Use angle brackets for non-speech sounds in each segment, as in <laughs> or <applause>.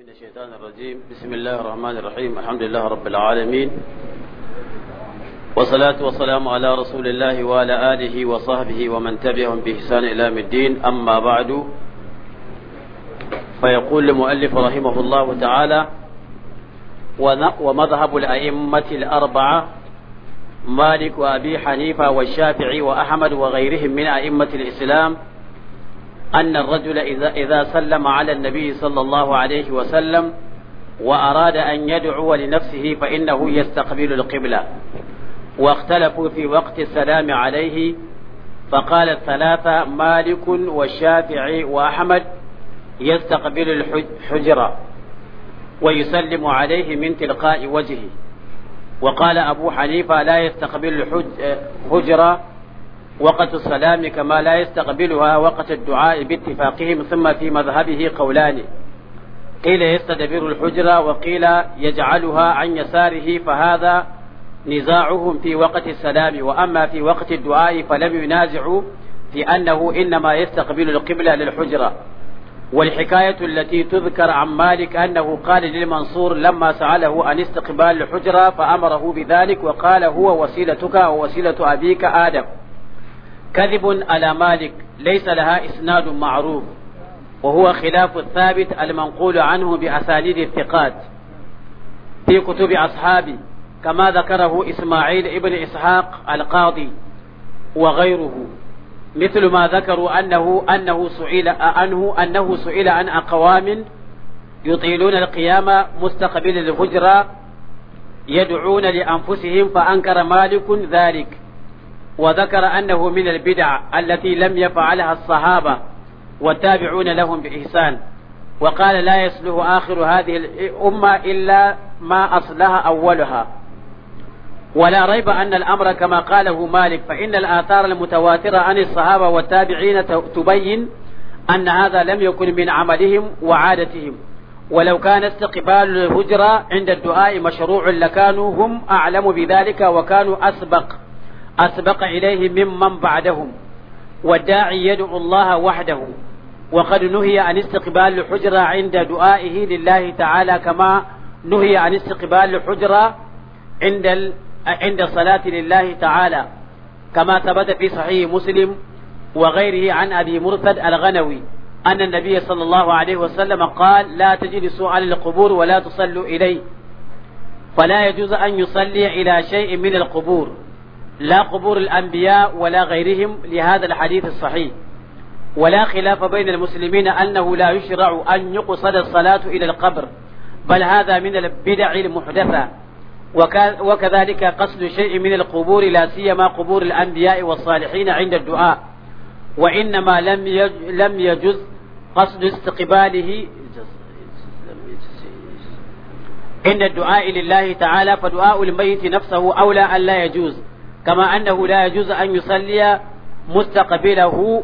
من الشيطان الرجيم بسم الله الرحمن الرحيم الحمد لله رب العالمين والصلاة والسلام على رسول الله وعلى آله وصحبه ومن تبعهم بإحسان إلى الدين أما بعد فيقول المؤلف رحمه الله تعالى ومذهب الأئمة الأربعة مالك وأبي حنيفة والشافعي وأحمد وغيرهم من أئمة الإسلام أن الرجل إذا, إذا سلم على النبي صلى الله عليه وسلم وأراد أن يدعو لنفسه فإنه يستقبل القبلة واختلفوا في وقت السلام عليه فقال الثلاثة مالك والشافعي وأحمد يستقبل الحجرة ويسلم عليه من تلقاء وجهه وقال أبو حنيفة لا يستقبل الحجرة وقت السلام كما لا يستقبلها وقت الدعاء باتفاقهم ثم في مذهبه قولان قيل يستدبر الحجرة وقيل يجعلها عن يساره فهذا نزاعهم في وقت السلام وأما في وقت الدعاء فلم ينازعوا في أنه إنما يستقبل القبلة للحجرة والحكاية التي تذكر عن مالك أنه قال للمنصور لما سأله عن استقبال الحجرة فأمره بذلك وقال هو وسيلتك ووسيلة أبيك آدم كذب على مالك ليس لها إسناد معروف وهو خلاف الثابت المنقول عنه بأساليب الثقات في كتب أصحابي كما ذكره إسماعيل ابن إسحاق القاضي وغيره مثل ما ذكروا أنه أنه سئل عنه أنه سئل عن أقوام يطيلون القيامة مستقبل الهجرة يدعون لأنفسهم فأنكر مالك ذلك وذكر أنه من البدع التي لم يفعلها الصحابة والتابعون لهم بإحسان وقال لا يصلح آخر هذه الأمة إلا ما أصلها أولها ولا ريب أن الأمر كما قاله مالك فإن الآثار المتواترة عن الصحابة والتابعين تبين أن هذا لم يكن من عملهم وعادتهم ولو كان استقبال الهجرة عند الدعاء مشروع لكانوا هم أعلم بذلك وكانوا أسبق أسبق إليه ممن بعدهم والداعي يدعو الله وحده وقد نهي عن استقبال الحجرة عند دعائه لله تعالى كما نهي عن استقبال الحجرة عند عند الصلاة لله تعالى كما ثبت في صحيح مسلم وغيره عن أبي مرثد الغنوي أن النبي صلى الله عليه وسلم قال لا تجلسوا على القبور ولا تصلوا إليه فلا يجوز أن يصلي إلى شيء من القبور لا قبور الأنبياء ولا غيرهم لهذا الحديث الصحيح ولا خلاف بين المسلمين أنه لا يشرع أن يقصد الصلاة إلى القبر بل هذا من البدع المحدثة وكذلك قصد شيء من القبور لا سيما قبور الأنبياء والصالحين عند الدعاء وإنما لم لم يجز قصد استقباله عند الدعاء لله تعالى فدعاء الميت نفسه أولى أن لا يجوز كما أنه لا يجوز أن يصلي مستقبله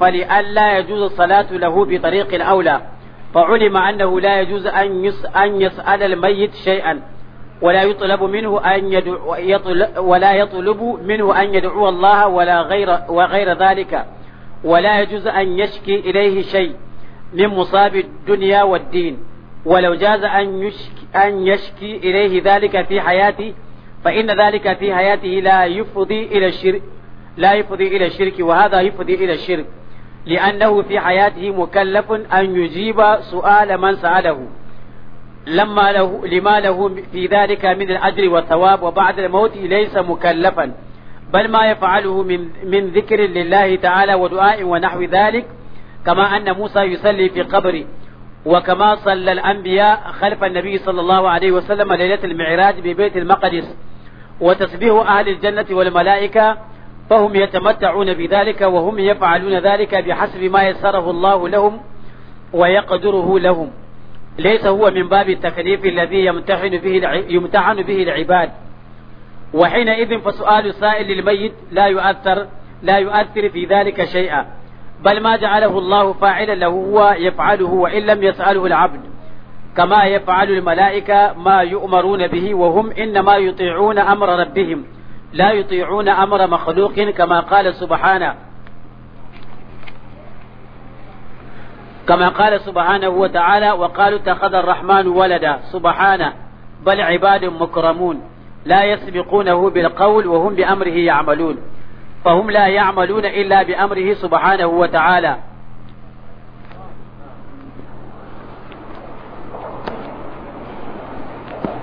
فلئلا يجوز الصلاة له بطريق أولى فعلم أنه لا يجوز أن أن يسأل الميت شيئا ولا يطلب منه أن يدعو ولا يطلب منه أن يدعو الله ولا غير وغير ذلك ولا يجوز أن يشكي إليه شيء من مصاب الدنيا والدين ولو جاز أن يشكي, أن يشكي إليه ذلك في حياته فإن ذلك في حياته لا يفضي إلى الشرك لا يفضي إلى الشرك وهذا يفضي إلى الشرك لأنه في حياته مكلف أن يجيب سؤال من سأله لما له لما له في ذلك من الأجر والثواب وبعد الموت ليس مكلفا بل ما يفعله من من ذكر لله تعالى ودعاء ونحو ذلك كما أن موسى يصلي في قبره وكما صلى الأنبياء خلف النبي صلى الله عليه وسلم ليلة المعراج ببيت المقدس وتسبيح أهل الجنة والملائكة فهم يتمتعون بذلك وهم يفعلون ذلك بحسب ما يسره الله لهم ويقدره لهم ليس هو من باب التكليف الذي يمتحن به يمتحن به العباد وحينئذ فسؤال السائل للميت لا يؤثر لا يؤثر في ذلك شيئا بل ما جعله الله فاعلا له هو يفعله وإن لم يسأله العبد كما يفعل الملائكة ما يؤمرون به وهم إنما يطيعون أمر ربهم لا يطيعون أمر مخلوق كما قال سبحانه كما قال سبحانه وتعالى وقالوا اتخذ الرحمن ولدا سبحانه بل عباد مكرمون لا يسبقونه بالقول وهم بأمره يعملون فهم لا يعملون إلا بأمره سبحانه وتعالى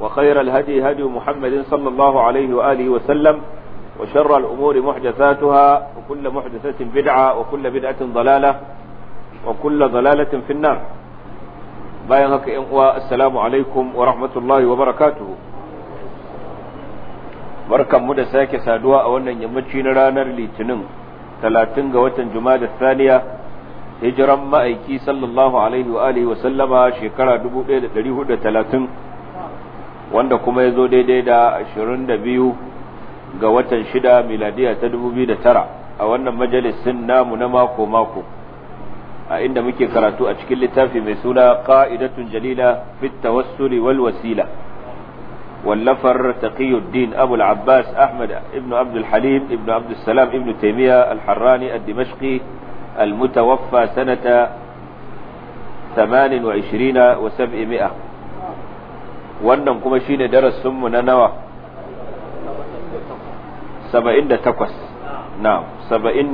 وخير الهدي هدي محمد صلى الله عليه وآله وسلم وشر الأمور محدثاتها وكل محدثة بدعة وكل بدعة ضلالة وكل ضلالة في النار bayan haka ‘yan uwa assalamu alaikum wa rahmatullahi wa barakatuhu barkanmu da sake saduwa a wannan yammaci na ranar litinin talatin ga watan da saniya hijiran ma'aiki sallallahu alaihi wa alihi wa sallama shekara wanda kuma ya zo daidai da 22 ga watan 6 miladiya ta 2009 a wannan majalisin namu na mako-mako a inda muke karatu a cikin littafi mai suna ƙa'idatun jalila fit tawassuli wal wasila wallafar taqiyuddin abu al-abbas ahmad ibn abdul halim ibn abdul salam ibnu taymiya al-harrani al-dimashqi al-mutawaffa sanata 28 و700 wannan kuma shine darasinmu na nawa saba'in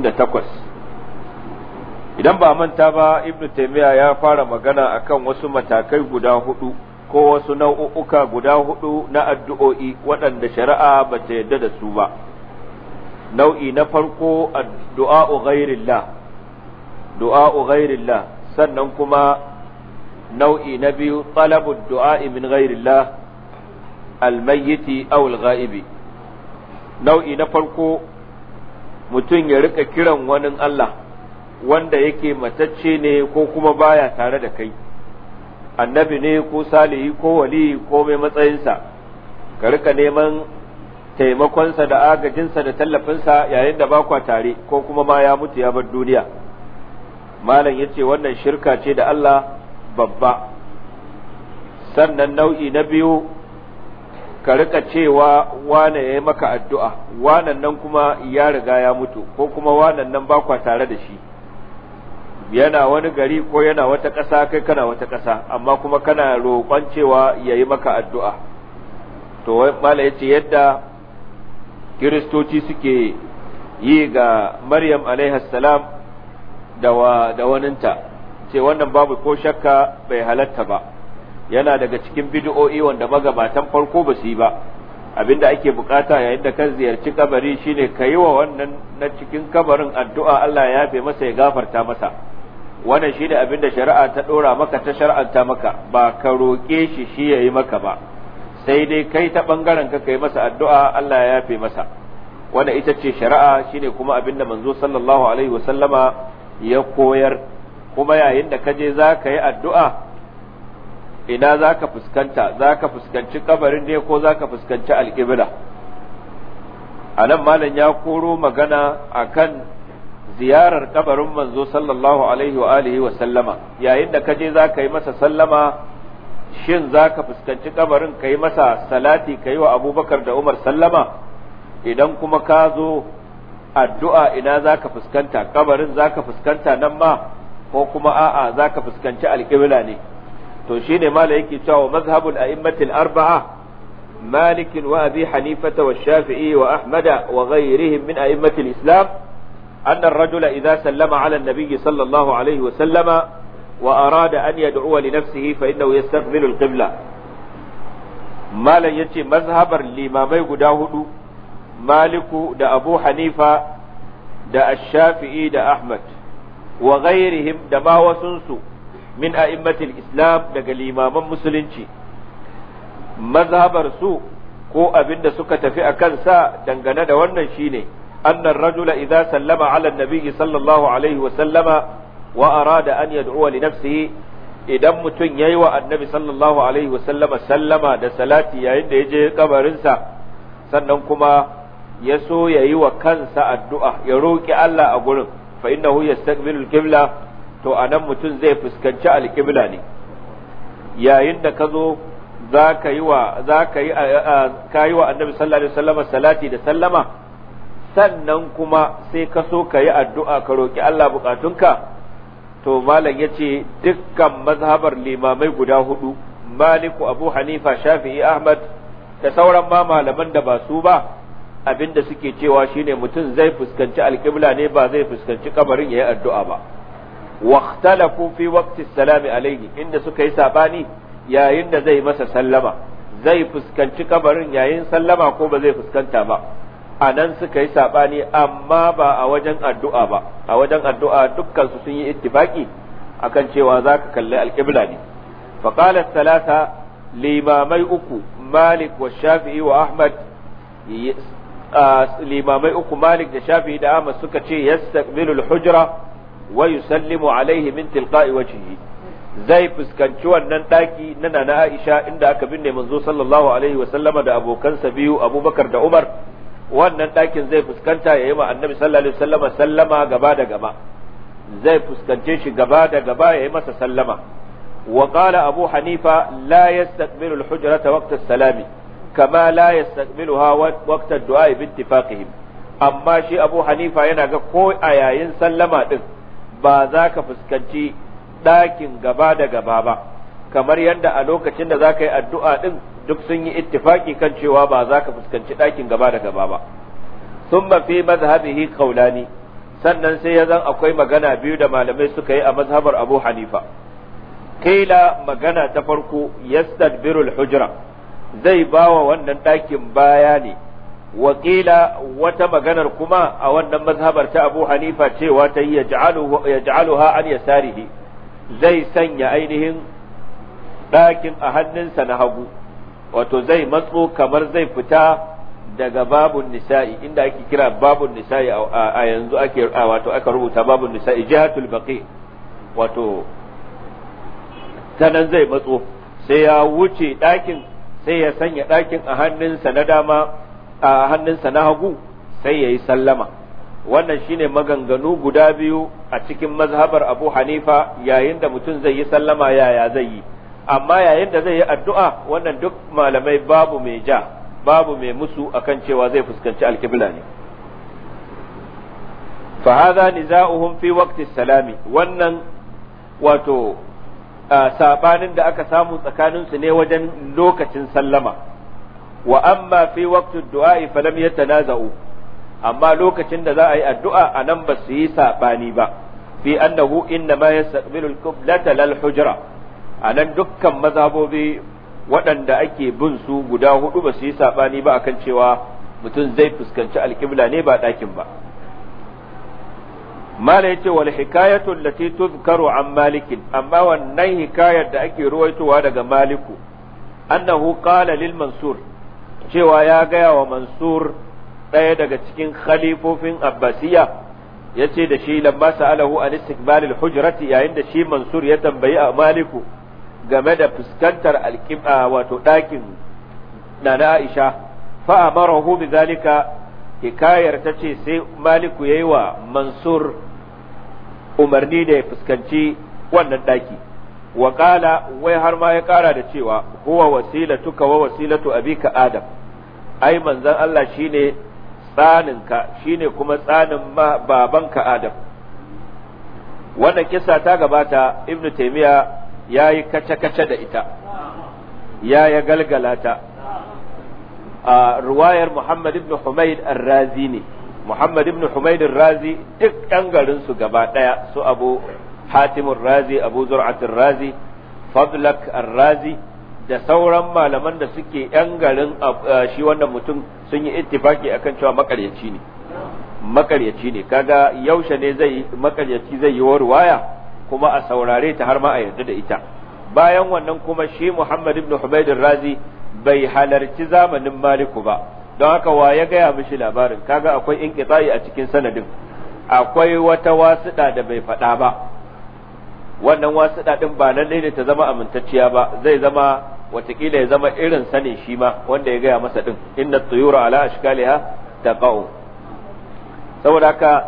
da takwas idan ba manta ba ibnu taimiyya ya fara magana akan wasu matakai guda hudu ko wasu nau'uka guda hudu na addu'o'i waɗanda shari'a ba ta yarda da su ba nau'i na farko addu'a'u ghairillah ghairillah sannan kuma nau'i na biyu talabud du'a min ghairillah almayyiti aw alghaibi nau'i na farko mutum ya rika kiran wani Allah wanda yake matacce ne ko kuma baya tare da kai annabi ne ko salihi ko wali ko mai matsayinsa ka rika neman taimakonsa da agajinsa da tallafinsa yayin da bakwa tare ko kuma ma ya mutu ya bar duniya malam ya ce wannan shirka ce da Allah babba sannan nau'i na biyu ka rika cewa wane ya yi maka addu'a wannan nan kuma ya riga ya mutu ko kuma wannan nan ba kwa tare da shi yana wani gari ko yana wata ƙasa kai kana wata ƙasa amma kuma kana roƙon cewa ya yi maka addu'a to mala ya ce yadda kiristoci suke yi ga maryam salam da waninta ce wannan babu ko shakka bai halatta ba yana daga cikin bid'o'i wanda magabatan farko ba su yi ba abinda ake bukata yayin da kan ziyarci kabari shine ka yi wa wannan na cikin kabarin addu'a Allah ya yafe masa ya gafarta masa wannan shine abinda shari'a ta dora maka ta shar'anta maka ba ka roke shi shi ya yi maka ba sai dai kai ta bangaren ka kai masa addu'a Allah ya yafe masa wannan ita ce shari'a shine kuma abinda manzo sallallahu alaihi wasallama ya koyar kuma yayin da kaje za ka yi addu'a ina za ka fuskanta za ka fuskanci kabarin ne ko za ka fuskanci alƙibla a nan malam ya koro magana a kan ziyarar kabarin manzo sallallahu alaihi wa alihi wa sallama yayin da kaje za ka yi masa sallama shin za ka fuskanci kabarin ka yi masa salati ka yi wa abubakar da umar sallama idan kuma ka zo addu'a ina za ka fuskanta kabarin za ka fuskanta nan ma ko kuma a'a zaka fuskanci alqibla ne to shine mala yake cewa mazhabul a'immatil arba'a مالك وأبي حنيفة والشافعي وأحمد وغيرهم من أئمة الإسلام أن الرجل إذا سلم على النبي صلى الله عليه وسلم وأراد أن يدعو لنفسه فإنه يستقبل القبلة ما لن يتي مذهبا لإمامي قداهد مالك دا أبو حنيفة دا الشافعي دا أحمد wa ghairihim da ma wasunsu min a'immatil islam daga limaman musulunci mazhabar su ko abin da suka tafi a kan sa dangane da wannan shine annar rajula idza sallama ala nabiyyi sallallahu alaihi wa sallama wa arada an yad'uwa li nafsihi idan mutum yayi wa annabi sallallahu alaihi wa sallama sallama da salati yayin da ya je kabarinsa sannan kuma ya so yayi wa kansa addu'a ya roki Allah a gurin fa innahu yastaqbilu al-qibla to anan mutum zai fuskanci al-qibla ne yayin da ka zo za ka yi wa annabi sallallahu alaihi wasallama salati da sallama sannan kuma sai ka so ka yi addu'a ka roƙi Allah bukatunka to malam ya ce dukkan mazhabar limamai guda hudu maliku abu hanifa shafi'i ahmad da sauran ma malaman da ba su ba Abin da suke cewa shine mutum zai fuskanci alƙibla ne ba zai fuskanci kabarin yi addu'a ba واختلفوا في وقت السلام inda suka yi sabani yayin da zai masa sallama zai fuskanci kabarin yayin sallama ko ba zai fuskanta ba a nan suka yi sabani amma ba a wajen addu'a ba a wajen addu'a dukkan su sun yi ittifaki akan cewa zaka kalli alƙibla ne fa talata limamai uku malik wa shafi'i wa ahmad limamai uku malik da shafi da ama suka ce yastaqbilu al-hujra wa yusallimu alaihi min tilqa'i wajhihi zai fuskanci wannan daki na nana Aisha inda aka binne manzo sallallahu alaihi wa sallama da abokansa biyu Abubakar da Umar wannan dakin zai fuskanta yayi ma annabi sallallahu alaihi wasallama sallama gaba da gaba zai fuskance shi gaba da gaba yayi masa sallama wa qala abu hanifa la yastaqbilu al-hujrata waqta as-salami كما لا يستقبلها وقت du'a bi amma shi Abu Hanifa yana ga ko a yayin sallama din ba za ka fuskanci ɗakin gaba da gaba ba kamar yadda a lokacin da za ka yi addu'a din duk sun yi ittifaki kan cewa ba za ka fuskanci ɗakin gaba da gaba ba sun fi mazhabihi kaulani sannan sai ya zan akwai magana biyu da malamai suka yi a mazhabar abu hanifa kila magana ta farko yastadbirul hujra zai ba wa wannan ɗakin baya ne wakila wata maganar kuma a wannan mazhabar ta abu hanifa cewa ta yi yaj'aluha an yasarihi zai sanya ainihin ɗakin a hannunsa na hagu wato zai matso kamar zai fita daga babun nisa'i inda ake kira babun nisa'i a yanzu ake wato aka rubuta babun nisa'i jihatul baqi wato ta nan zai matso sai ya wuce ɗakin sai ya sanya ɗakin a hannunsa na dama a hannunsa na hagu sai ya yi sallama wannan shine maganganu guda biyu a cikin mazhabar abu hanifa yayin da mutum zai yi sallama yaya zai yi amma yayin da zai yi addu'a wannan duk malamai babu mai ja babu mai musu akan cewa zai fuskanci alkibla ne فهذا nizauhum fi waqti salami wannan wato sabanin da aka samu tsakaninsu ne wajen lokacin sallama wa amma fi waqtu du'a'i falam yatanaza'u amma lokacin da za a yi addu'a anan nan ba su yi sabani ba fi annahu inna ma yastaqbilu al-qiblata lal hujra anan dukkan mazhabobi waɗanda ake bin su guda hudu ba su yi sabani ba akan cewa mutum zai fuskanci alƙibla ne ba ɗakin ba mala yace wal hikayatu allati tuzkaru an malikin amma wannan hikayar da ake ruwaitowa daga maliku annahu qala lil mansur cewa ya gaya wa mansur ɗaya daga cikin khalifofin abbasiya yace da shi lamma sa'alahu an istiqbalil hujrati yayin da shi mansur ya tambayi a maliku game da fuskantar alƙibla wato ɗakin na aisha fa amarahu bi zalika hikayar ta ce sai maliku ya yi wa mansur umarni da ya fuskanci wannan daki wa wai har ma ya kara da cewa huwa ka wa wasilatu abika adam ai manzon Allah shine tsaninka shine kuma tsanin babanka adam wannan kisa ta gabata ibnu taymiya yayi kace-kace da ita ya ya galgalata ruwayar Muhammad ibn Humayd ar-Razi ne Muhammad ibn Humayd ar-Razi duk ɗan garin su gaba ɗaya su Abu Hatim ar-Razi Abu Zur'at ar-Razi Fadlak ar-Razi da sauran malaman da suke ɗan garin shi wannan mutum sun yi ittifaki akan cewa makaryaci ne makaryaci ne kaga yaushe ne zai makaryaci zai yi ruwaya kuma a saurare ta har ma a yarda da ita bayan wannan kuma shi Muhammad ibn Humayd ar-Razi bai halarci zamanin maliku ba don haka wa ya gaya mishi labarin kaga akwai in a cikin sanadin akwai wata wasuɗa da bai faɗa ba wannan wasuɗa ɗin ba nan ne ta zama amintacciya ba zai zama watakila ya zama irin sanin shi ma wanda ya gaya masa ɗin inna tuyura ala ashkaliha taqau saboda haka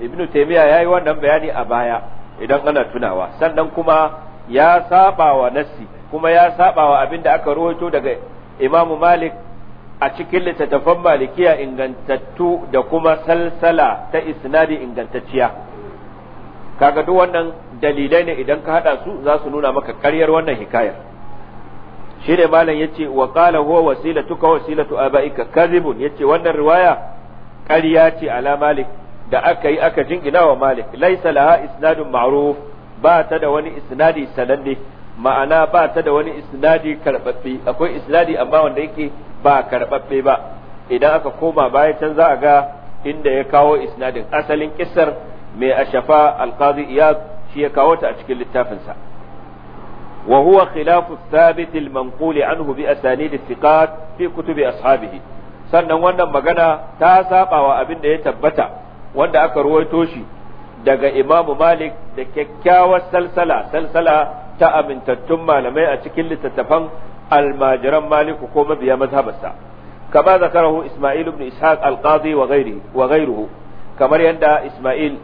ibnu ya yi wannan bayani a baya idan ana tunawa sannan kuma ya saba wa nassi kuma ya saba wa abin da aka rohoto daga imamu Malik a cikin littattafan malikiya ingantattu da kuma salsala ta isnadi ingantacciya kaga duk wannan dalilai ne idan ka hada su za su nuna maka karyar wannan hikayar shi ne malam ce wa kala huwa wasilatuka wasilatu abaika ya ce wannan riwaya karya ce ala malik da aka yi aka jingina wa malik laisa laha isnadun ma'ruf ba ta da wani isnadi sananne ma'ana ba ta da wani isnadi karbabbe akwai isnadi amma wanda yake ba karbabbe ba idan aka koma baya can za a ga inda ya kawo isnadin asalin kisar mai ashafa alqazi iyad shi ya kawo ta a cikin littafinsa wa huwa khilafu thabit al an anhu bi asanid thiqat fi kutubi ashabihi sannan wannan magana ta sabawa abin da ya tabbata wanda aka ruwaito shi daga imamu malik da kyakkyawar salsala salsala ta amintattun malamai a cikin littattafan almajiran maliku ko mabiya mazhabarsa kama zakarahu isma'il ibn ishaq al wa ghayruhu kamar yadda isma'il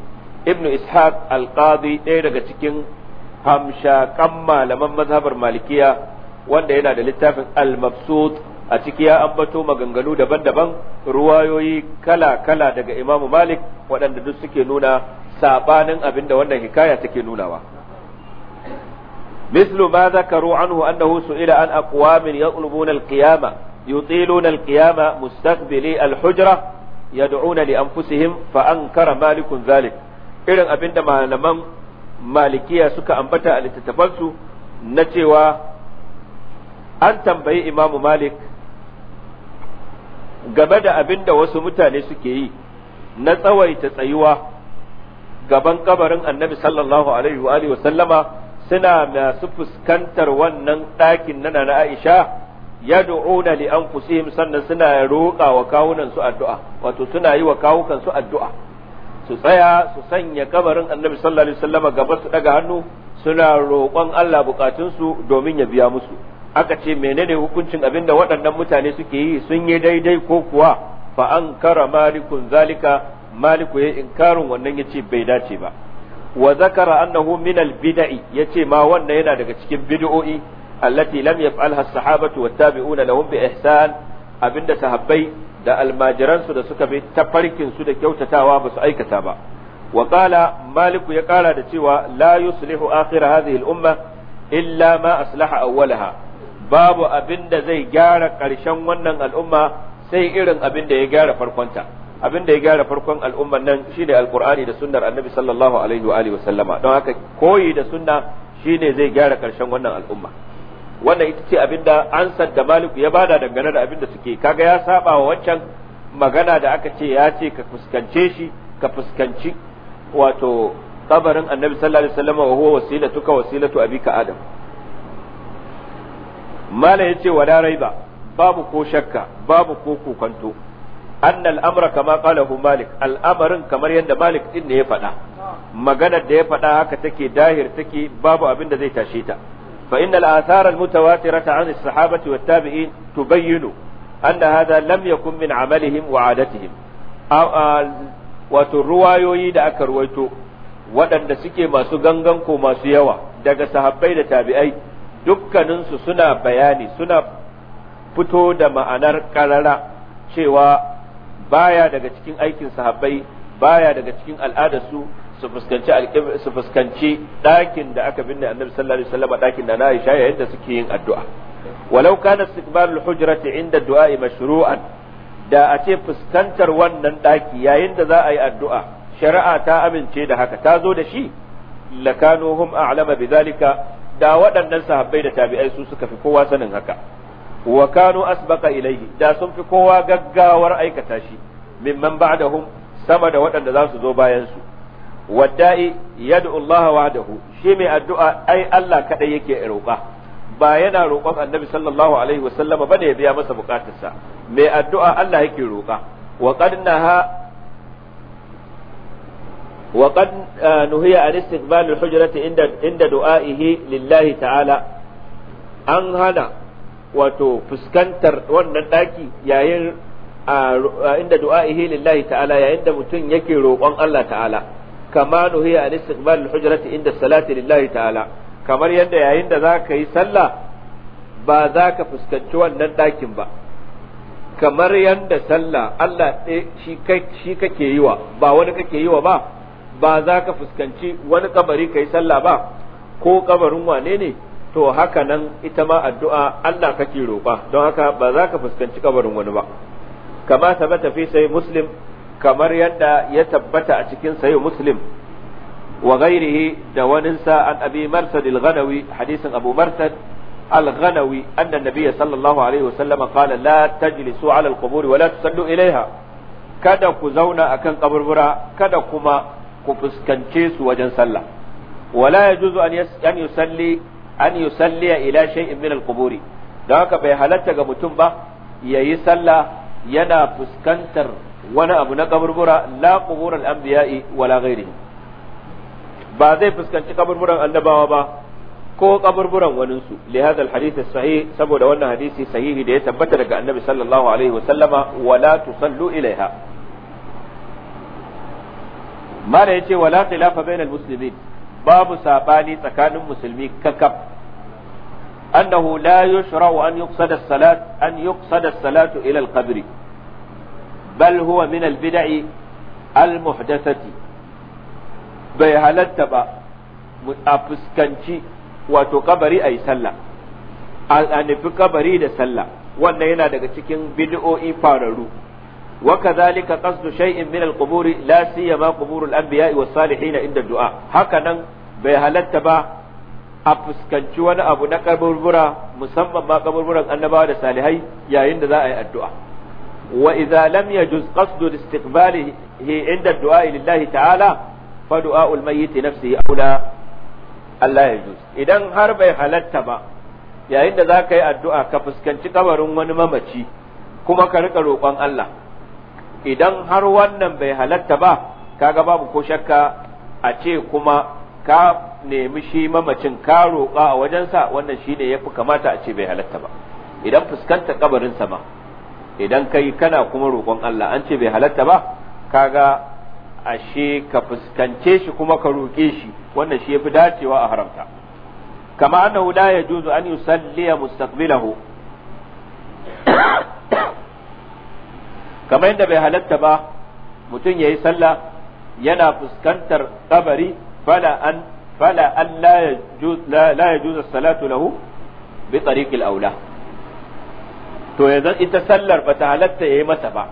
ibn ishaq al ɗaya daga cikin kan malaman mazhabar malikiya wanda yana da littafin al-mabsut a ciki ya ambato maganganu daban-daban ruwayoyi kala-kala daga imamu malik waɗanda duk suke nuna saɓanin abinda wannan hikaya take nunawa مثل ما ذكروا عنه أنه سئل عن أقوام يطلبون القيامة يطيلون القيامة مستقبلي الحجرة يدعون لأنفسهم فأنكر مالك ذلك إذن أبن ما لمن مالكية سكا أنبتا لتتفلسوا نتوى أن تنبي إمام مالك game da abin da wasu mutane suke yi na tsawaita tsayuwa gaban kabarin annabi sallallahu alaihi wa sallama suna masu fuskantar wannan ɗakin nana na Aisha yad'una li anfusihim sannan suna roƙa wa kawunan su addu'a wato suna yi wa kawukan su addu'a su tsaya su sanya kabarin Annabi sallallahu alaihi wasallam gaba su daga hannu suna roƙon Allah bukatun su domin ya biya musu aka ce menene hukuncin abinda waɗannan mutane suke yi sun yi daidai ko kuwa fa an kara malikun zalika maliku ya inkarin wannan yace bai dace ba wa zakara annahu min ce yace ma wannan yana daga cikin bid'o'i allati lam yaf'alha as-sahabatu wattabi'una tabiuna lahum bi ihsan abinda sahabbai da almajiran su da suka bi tafarkin su da kyautatawa ba su aikata ba wa qala malik ya kara da cewa la yuslihu akhir hadhihi al-umma illa ma aslaha awwalaha babu abinda zai gyara karshen wannan al'umma sai irin abinda ya gyara farkonta abin da ya gyara farkon al'umman nan shine alqur'ani da sunnar annabi sallallahu alaihi wa alihi sallama don haka koyi da sunna shine zai gyara karshen wannan al'umma wannan ita ce abin da ansar da maliku ya bada dangane da abin da suke kaga ya saba wa wancan magana da aka ce ya ce ka fuskance shi ka fuskanci wato kabarin annabi sallallahu alaihi wasallama wa huwa wasilatuka wasilatu abika adam mala yace wala ba, babu ko shakka babu ko kokanto annal amra kama qalahu malik al'amarin kamar yadda malik din ne ya faɗa maganar da ya faɗa haka take dahir take babu abin da zai tashe ta fa innal ta al mutawatirata an as sahabati wat tabi'in tubayyinu anna hadha lam yakun min amalihim wa adatihim wato ruwayoyi da aka ruwaito waɗanda suke masu gangan masu yawa daga sahabbai da tabi'ai dukkaninsu suna bayani suna fito da ma'anar ƙarara cewa baya daga cikin aikin sahabbai baya daga cikin al'adarsu su fuskanci su fuskanci ɗakin da aka binne annabi sallallahu alaihi wasallam dakin da na Aisha yayin da suke yin addu'a walau kana al hujrati inda du'a'i mashru'an da a ce fuskantar wannan daki yayin da za a yi addu'a shari'a ta amince da haka ta zo da shi lakanuhum a'lama bidhalika da waɗannan sahabbai da tabi'ai su suka fi kowa sanin haka wa kanu asbaqa ilayhi da sun fi kowa gaggawar aikata shi mimman ba'dahum sama da waɗanda za su zo bayan su wadda'i yad'u Allah wahdahu shi mai addu'a ai Allah kadai yake roƙa ba yana roƙon annabi sallallahu alaihi wa sallama bane ya biya masa bukatarsa mai addu'a Allah yake roƙa wa qad naha wa qad eh, nuhiya an istiqbal al-hujrati inda inda du'a'ihi lillahi ta'ala an hana wato fuskantar wannan daki yayin inda du'a'ihi lillahi ta'ala yayin da mutum yake roƙon Allah ta'ala kama nuhiya an istiqbal al-hujrati inda salati lillahi ta'ala kamar yadda yayin da zaka yi sallah ba za ka fuskanci wannan dakin ba kamar yadda sallah Allah shi shi kake yi wa ba wani kake yi wa ba ba za ka fuskanci wani kabari kai sallah ba ko kabarin wane ne to haka nan ita ma addu'a Allah kake roƙa don haka ba za ka fuskanci kabarin wani ba kama tabbata fi sai muslim kamar yadda ya tabbata a cikin sayi muslim wa ghairihi da waninsa an abi marsad al-ghanawi hadisin abu marsad al-ghanawi anna nabiyya sallallahu alaihi wa sallama qala la tajlisu ala al-qubur wa la tusallu kada ku zauna akan kaburbura kada kuma ku fuskance su wajen sallah wala yajuzu an yusalli an yusalliya ila shay'in min al-qubur don haka bai halatta ga mutum ba yayi sallah yana fuskantar wani abu na kaburbura la qubur al-anbiya'i wala ghairihi ba zai fuskanci kaburburan annabawa ba ko kaburburan wanin su li hadha al-hadith sahih saboda wannan hadisi sahihi da ya tabbata daga annabi sallallahu alaihi wa sallama wala tusallu ilaiha mala yace wala khilafa bainal muslimin babu sabani tsakanin musulmi kakaf annahu la yushra'u an yuqsada as-salat an yuqsada as-salatu ila al bal huwa min al al-muhdathati bai halarta ba a fuskanci wato kabari ayi sallah a kabari da sallah wannan yana daga cikin bid'o'i fararu وكذلك قصد شيء من القبور لا سيما قبور الانبياء والصالحين عند الدعاء هكذا bai halatta ba a fuskanci wani abu na kaburbura musamman ma kaburburan annabawa da salihai yayin da za a yi addu'a wa idza lam yajuz qasdu istiqbalihi inda du'a lillahi ta'ala fa du'a al-mayyit nafsihi aula Allah idan har bai halatta ba yayin da za ka yi addu'a ka fuskanci kabarin wani mamaci kuma ka rika roƙon Allah idan har wannan bai halatta ba kaga babu ko shakka a ce kuma ka nemi shi mamacin ka roƙa a wajensa wannan shi ne ya fi kamata a ce bai halatta ba idan fuskanta kabarin sama idan kai kana kuma roƙon Allah an ce bai halatta ba kaga ashe ka fuskance shi kuma ka roƙe shi wannan shi ya dacewa a haramta kama annahu la yajuzu an yusalliya mustaqbilahu kamar yadda bai halatta ba mutum yayi sallah yana fuskantar kabari fala an fala an la yajuz la yajuz as-salatu lahu bi tariq al-aula to yanzu ita sallar ba ta halatta yi masa ba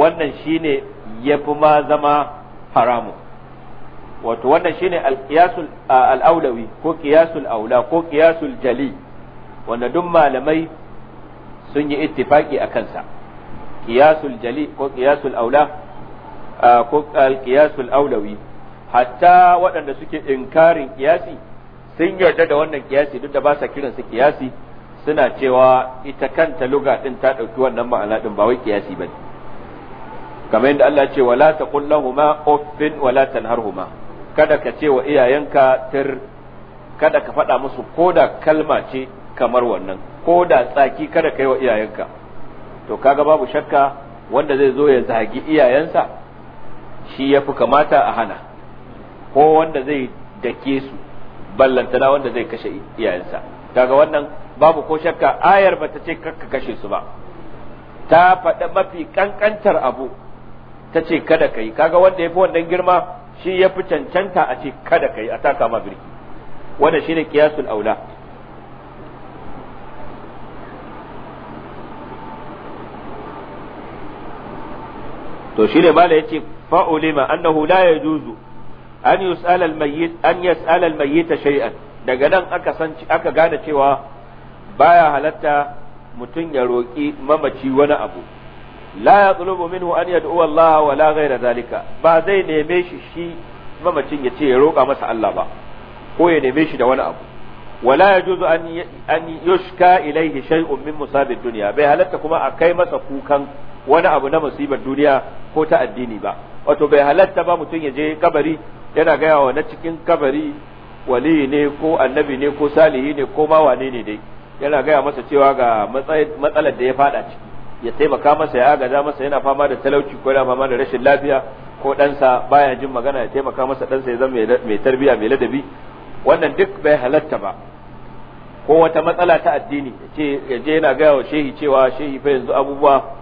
wannan shine fi ma zama haramu wato wannan shine al-qiyasul al-aulawi ko qiyasul aula ko kiyasul jali wanda duk malamai sun yi ittifaki a kansa Kiyasul jali ko qiyasul aula ko qiyasul aulawi hatta waɗanda suke inkarin kiyasi sun yarda da wannan kiyasi duk da ba sa kiransu kiyasi suna cewa ita kanta luga din ta ɗauki wannan ma'ana din ba wai kiyasi ba ne kamar yadda Allah ce wala taqul lahumu uffin wala tanharhuma kada ka ce wa iyayenka tir kada ka faɗa musu koda kalma ce kamar wannan koda tsaki kada ka wa iyayenka to kaga babu shakka wanda zai zo ya zagi iyayensa shi ya fi kamata a hana ko wanda zai dake su ballanta da wanda zai kashe iyayensa daga wannan babu ko shakka ayar ba ta ce kakka kashe su ba ta faɗa mafi ƙanƙantar abu ta ce kada kai kaga wanda ya fi wannan girma shi ya fi cancanta a ce kada kai a taka ma birki wannan shine kiyasul aula to shi ne Bala ya ce fa'ulima annahu la yajuzu an yus'al al-mayyit an yas'al al-mayyit shay'an daga nan aka san aka gane cewa baya halatta mutum ya roki mamaci wani abu la yatlubu minhu an yad'u Allah wa la ghayra zalika ba zai neme shi shi mamacin ya ce ya roka masa Allah ba ko ya neme shi da wani abu ولا يجوز أن أن يشكى إليه شيء من مصاب الدنيا bai halatta kuma a kai masa kukan wani abu na musibar duniya ko ta addini ba wato bai halatta ba mutum ya je kabari yana gaya wa na cikin kabari wali ne ko annabi ne ko salihi ne ko ma wane ne dai yana gaya masa cewa ga matsalar da ya fada ciki ya taimaka masa ya agaza masa yana fama da talauci ko yana fama da rashin lafiya ko ɗansa baya jin magana ya taimaka masa ɗansa ya zama mai tarbiyya mai ladabi wannan duk bai halatta ba ko wata matsala ta addini ya je yana gaya wa shehi cewa shehi fa yanzu abubuwa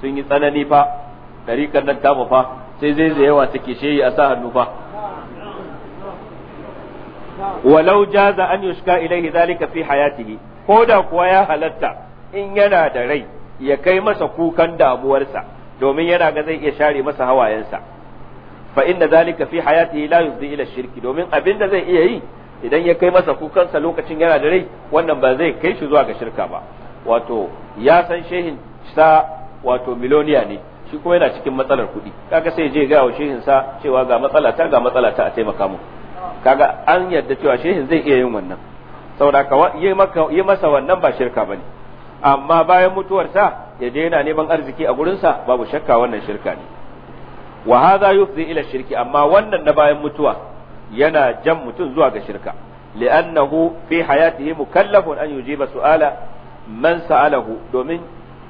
sun yi tsanani fa ɗariƙar nan tamu fa sai zai yawa take shehi a sa hannu fa walau jaza an yushka ilaihi zalika fi hayatihi ko da kuwa ya halatta in yana da rai ya kai masa kukan damuwarsa domin yana ga zai iya share masa hawayensa fa inna zalika fi hayatihi la yufdi ila shirki domin abin da zai iya yi idan ya kai masa kukansa lokacin yana da rai wannan ba zai kai shi zuwa ga shirka ba wato ya san shehin sa wato miloniya ne shi kuma yana cikin matsalar kuɗi kaga sai je ga wa shehin sa cewa ga matsala ta ga matsala ta a taimaka mu kaga an yadda cewa shehin zai iya yin wannan saboda ka yi masa wannan ba shirka bane amma bayan mutuwarsa ya je yana neman arziki a gurin sa babu shakka wannan shirka ne wa hadha zai ila shirki amma wannan na bayan mutuwa yana jan mutum zuwa ga shirka li'annahu fi hayatihi mukallafun an yujiba su'ala man sa'alahu domin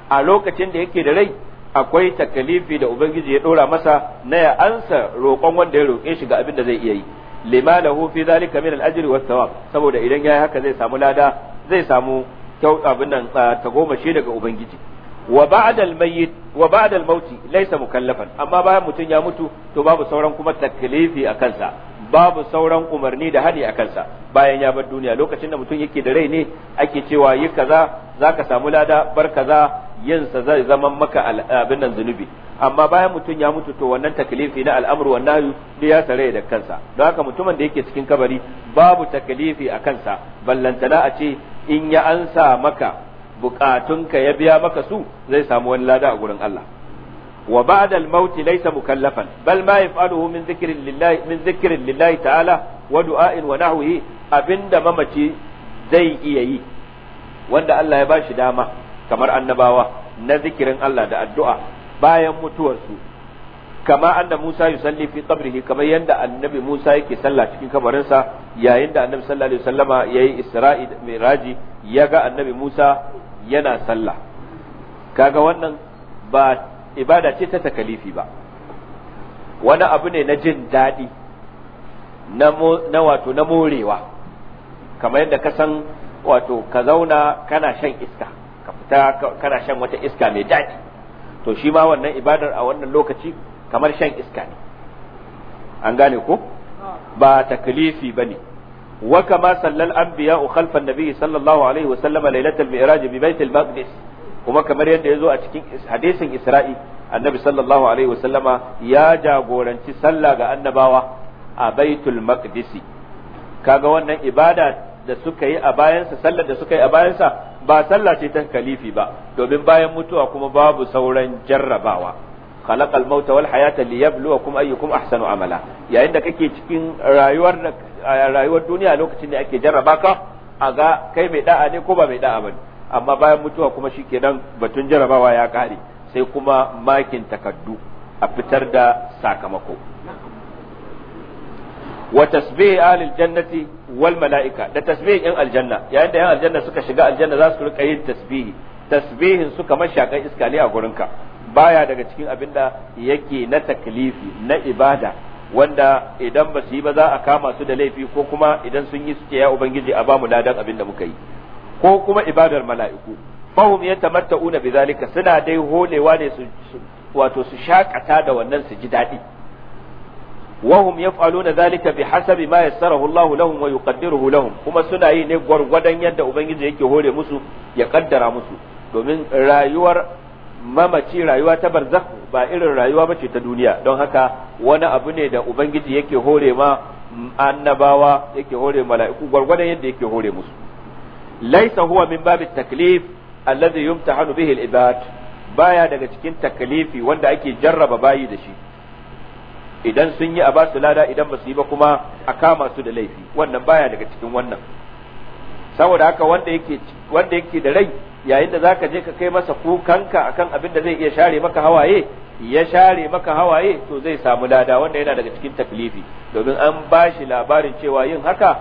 a lokacin da yake da rai akwai takalifi da ubangiji ya dora masa na ya ansa roƙon wanda ya roƙe shi ga abin da zai iya yi lima da fi zalika min al-ajri was saboda idan ya yi haka zai samu lada zai samu kyau abin nan ta goma shi daga ubangiji wa ba'da al-mayyit wa ba'da mauti laysa mukallafan amma bayan mutum ya mutu to babu sauran kuma taklifi a kansa babu sauran umarni da hadi a kansa bayan ya bar duniya lokacin da mutum yake da rai ne ake cewa yi kaza zaka samu lada bar kaza yinsa zai zama maka abin nan zunubi amma bayan mutum ya mutu to wannan taklifi na al'amru wan nahyu da ya tare da kansa don haka mutumin da yake cikin kabari babu taklifi a kansa ballantana a ce in ya ansa maka bukatunka ya biya maka su zai samu wani lada a gurin Allah wa ba'da al-maut laysa mukallafan bal ma yaf'aluhu min dhikrin lillahi min lillahi ta'ala wa du'a'in wa nahwihi abinda mamaci zai iya yi wanda Allah ya bashi dama kamar annabawa na zikirin Allah da addu'a bayan mutuwarsu kama anna Musa ya salli fi qabrihi kamar yadda annabi Musa yake sallah cikin kabarinsa yayin da annabi sallallahu alaihi wasallama yayi Isra'i Miraji ya ga annabi Musa yana sallah kaga wannan ba ibada ce ta takalifi ba wani abu ne na jin daɗi na wato na morewa kamar yadda ka san wato ka zauna kana shan iska ta kana shan wata iska mai daɗi to shi ma wannan ibadar a wannan lokaci kamar shan iska ne an gane ko ba taklifi bane wa kama sallal anbiya khalfa nabi sallallahu alaihi wa sallama lailatul mi'raj bi baitil kuma kamar yadda yazo a cikin hadisin isra'i annabi sallallahu alaihi wa sallama ya jagoranci sallah ga annabawa a baitul maqdisi kaga wannan ibada da suka yi a bayansa sallar da suka yi a bayansa ba sallah ce ta kalifi ba domin bayan mutuwa kuma babu sauran jarrabawa khalaqal mauta wal hayata liyabluwakum ayyukum ahsanu amala yayin da kake cikin rayuwar rayuwar duniya lokacin da ake jarraba ka a ga kai mai da'a ne ko ba mai da'a ba amma bayan mutuwa kuma shikenan batun jarrabawa ya kare sai kuma makin takaddu a fitar da sakamako wa tasbih ahlil jannati wal malaika da tasbih yan aljanna yayin da yan aljanna suka shiga aljanna za su rika yin tasbihi tasbihin su kamar shakan iska ne a gurinka baya daga cikin abin da yake na taklifi na ibada wanda idan ba su yi ba za a kama su da laifi ko kuma idan sun yi suke ya ubangiji a bamu ladan abin da muka yi ko kuma ibadar mala'iku fahum yatamatta'una bizalika suna dai holewa ne su wato su shakata da wannan su ji daɗi wahum yaf'aluna zalika bihasabi ma yassarahu Allah lahum wa yuqaddiruhu lahum kuma suna yi ne gwargwadon yadda ubangiji yake hore musu ya kaddara musu domin rayuwar mamaci rayuwa ta barzakh ba irin rayuwa bace ta duniya don haka wani abu ne da ubangiji yake hore ma annabawa yake hore mala'iku gwargwadon yadda yake hore musu laisa huwa min babi taklif alladhi yumtahanu bihi al-ibad baya daga cikin taklifi wanda ake jarraba bayi da shi idan sun yi a ba su lada idan ba su yi ba kuma a kama su da laifi wannan baya daga cikin wannan saboda haka wanda yake wanda yake da rai yayin da zaka je ka kai masa kukan kukanka akan abin da zai iya share maka hawaye ya share maka hawaye to zai samu lada wanda yana daga cikin taklifi domin an ba shi labarin cewa yin haka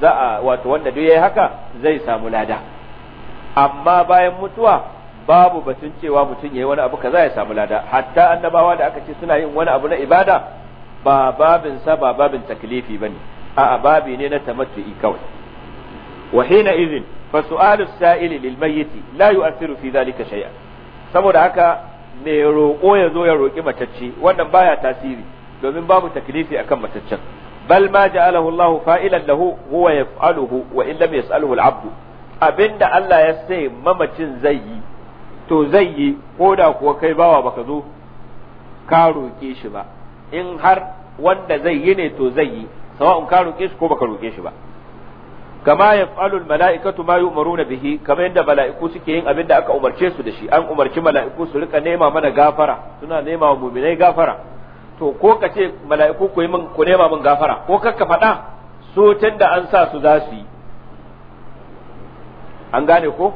za a wato wanda duk yayi haka zai samu lada amma bayan mutuwa babu batun cewa mutum yayi wani abu kaza ya samu lada hatta annabawa da aka ce suna yin wani abu na ibada ba babin sa ba babin taklifi bane a babi ne na tamattu'i kawai wa hina idhin fa su'alu sa'ili lil mayyit la yu'athiru fi dhalika shay'a saboda haka me roƙo ya zo ya roƙi matacce wannan baya tasiri domin babu taklifi akan mataccen bal ma ja'alahu Allah fa'ilan lahu huwa yaf'aluhu wa in lam yas'aluhu al-'abd abinda Allah ya sai mamacin zai yi to zai yi ko da kuwa kai bawa baka zo ka roƙe shi ba in har wanda zai yi ne to zai yi in ka roƙe shi ko baka roƙe shi ba kama ya yaf'alul mala'ikatu ma yu'maruna bihi kama yadda mala'iku suke yin abin da aka umarce su da shi an umarci mala'iku su rika nema mana gafara suna nema wa mu'minai gafara to ko ka ce mala'iku ku yi ku nema min gafara ko ka faɗa so tunda an sa su za su yi an gane ko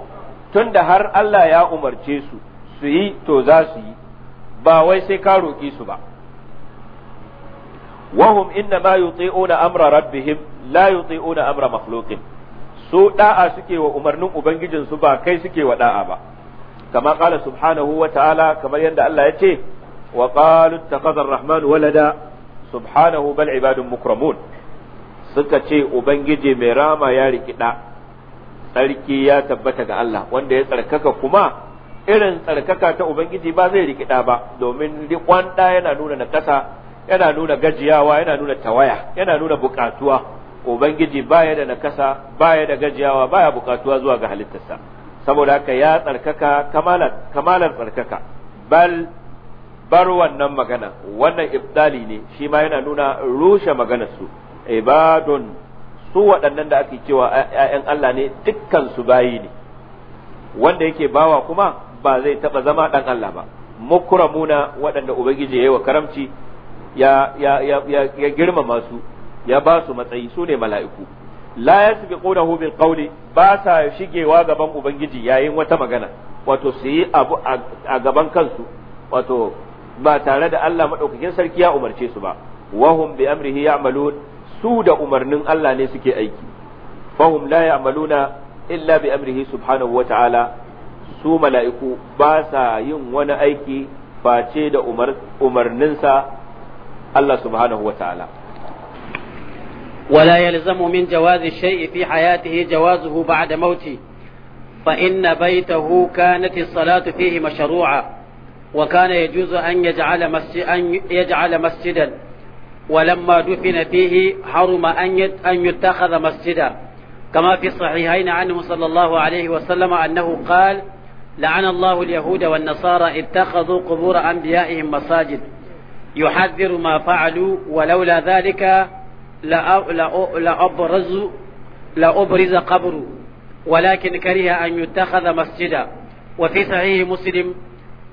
tunda har Allah ya umarce su su yi to za su yi ba wai sai ka roƙi su ba wahum inna ma yuti'una amra rabbihim la yuti'una amra makhluqin su da'a suke wa umarnin ubangijin su ba kai suke wa da'a ba kama qala subhanahu wa ta'ala kamar yadda Allah ya ce wa qalu ittakhadha ar-rahman walada subhanahu bal ibadun mukramun suka ce ubangiji mai rama ya riki tsarki ya tabbata ga Allah wanda ya tsarkaka kuma irin tsarkaka ta ubangiji ba zai rikiɗa ba domin rikon da yana nuna nakasa yana nuna gajiyawa yana nuna tawaya yana nuna bukatuwa ubangiji baya da nakasa baya da gajiyawa baya bukatuwa zuwa ga halittarsa saboda haka ya tsarkaka kamalar tsarkaka bal bar wannan magana wannan ibdali ne shi ma yana nuna rushe maganar su ibadun su waɗannan da ake cewa ‘ya'yan Allah ne dukkan su bayi ne wanda yake bawa kuma ba zai taɓa zama ɗan Allah ba mukramuna waɗanda ubangiji yayi wa karamci ya ya ya ya girmama su ya ba su matsayi su ne mala'iku la yasbiqunahu bil qawli ba sa shigewa gaban ubangiji yayin wata magana wato su yi abu a gaban kansu wato ba tare da Allah madaukakin sarki ya umarce su ba wahum bi amrihi ya'malun su da umarnin Allah ne suke aiki fahum la ya'maluna illa bi amrihi subhanahu wa ta'ala su mala'iku ba sa yin wani aiki face da umarninsa الله سبحانه وتعالى ولا يلزم من جواز الشيء في حياته جوازه بعد موته فإن بيته كانت الصلاة فيه مشروعة وكان يجوز أن يجعل, مسجد أن يجعل مسجدا ولما دفن فيه حرم أن يتخذ مسجدا كما في الصحيحين عنه صلى الله عليه وسلم أنه قال لعن الله اليهود والنصارى اتخذوا قبور أنبيائهم مساجد يحذر ما فعلوا ولولا ذلك لأبرز لأبرز قبره ولكن كره أن يتخذ مسجدا وفي صحيح مسلم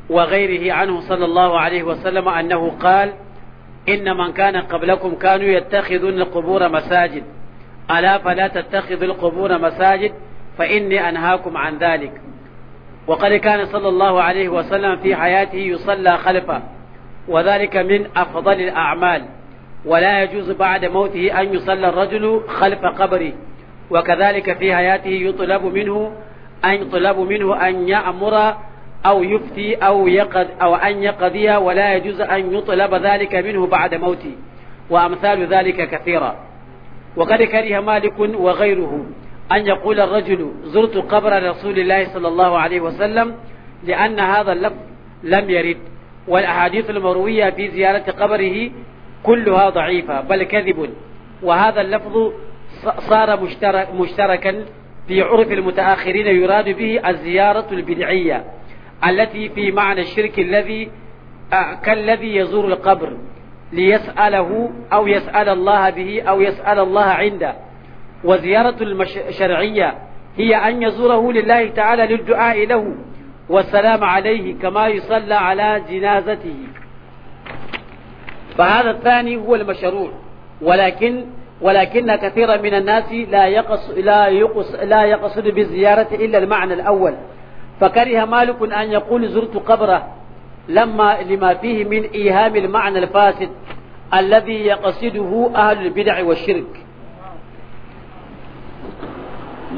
وغيره عنه صلى الله عليه وسلم أنه قال إن من كان قبلكم كانوا يتخذون القبور مساجد ألا فلا تتخذوا القبور مساجد فإني أنهاكم عن ذلك وقد كان صلى الله عليه وسلم في حياته يصلى خلفه وذلك من أفضل الأعمال ولا يجوز بعد موته أن يصلى الرجل خلف قبره وكذلك في حياته يطلب منه أن يطلب منه أن يأمر أو يفتي أو يقض أو أن يقضي ولا يجوز أن يطلب ذلك منه بعد موته وأمثال ذلك كثيرة وقد كره مالك وغيره أن يقول الرجل زرت قبر رسول الله صلى الله عليه وسلم لأن هذا اللفظ لم يرد والأحاديث المروية في زيارة قبره كلها ضعيفة بل كذب وهذا اللفظ صار مشترك مشتركا في عرف المتأخرين يراد به الزيارة البدعية التي في معنى الشرك الذي آه، كالذي يزور القبر ليسأله أو يسأل الله به أو يسأل الله عنده وزيارة الشرعية هي أن يزوره لله تعالى للدعاء له والسلام عليه كما يصلى على جنازته فهذا الثاني هو المشروع ولكن ولكن كثيرا من الناس لا يقص لا يقص لا يقصد بالزيارة إلا المعنى الأول فكره مالك أن يقول زرت قبره لما لما فيه من إيهام المعنى الفاسد الذي يقصده أهل البدع والشرك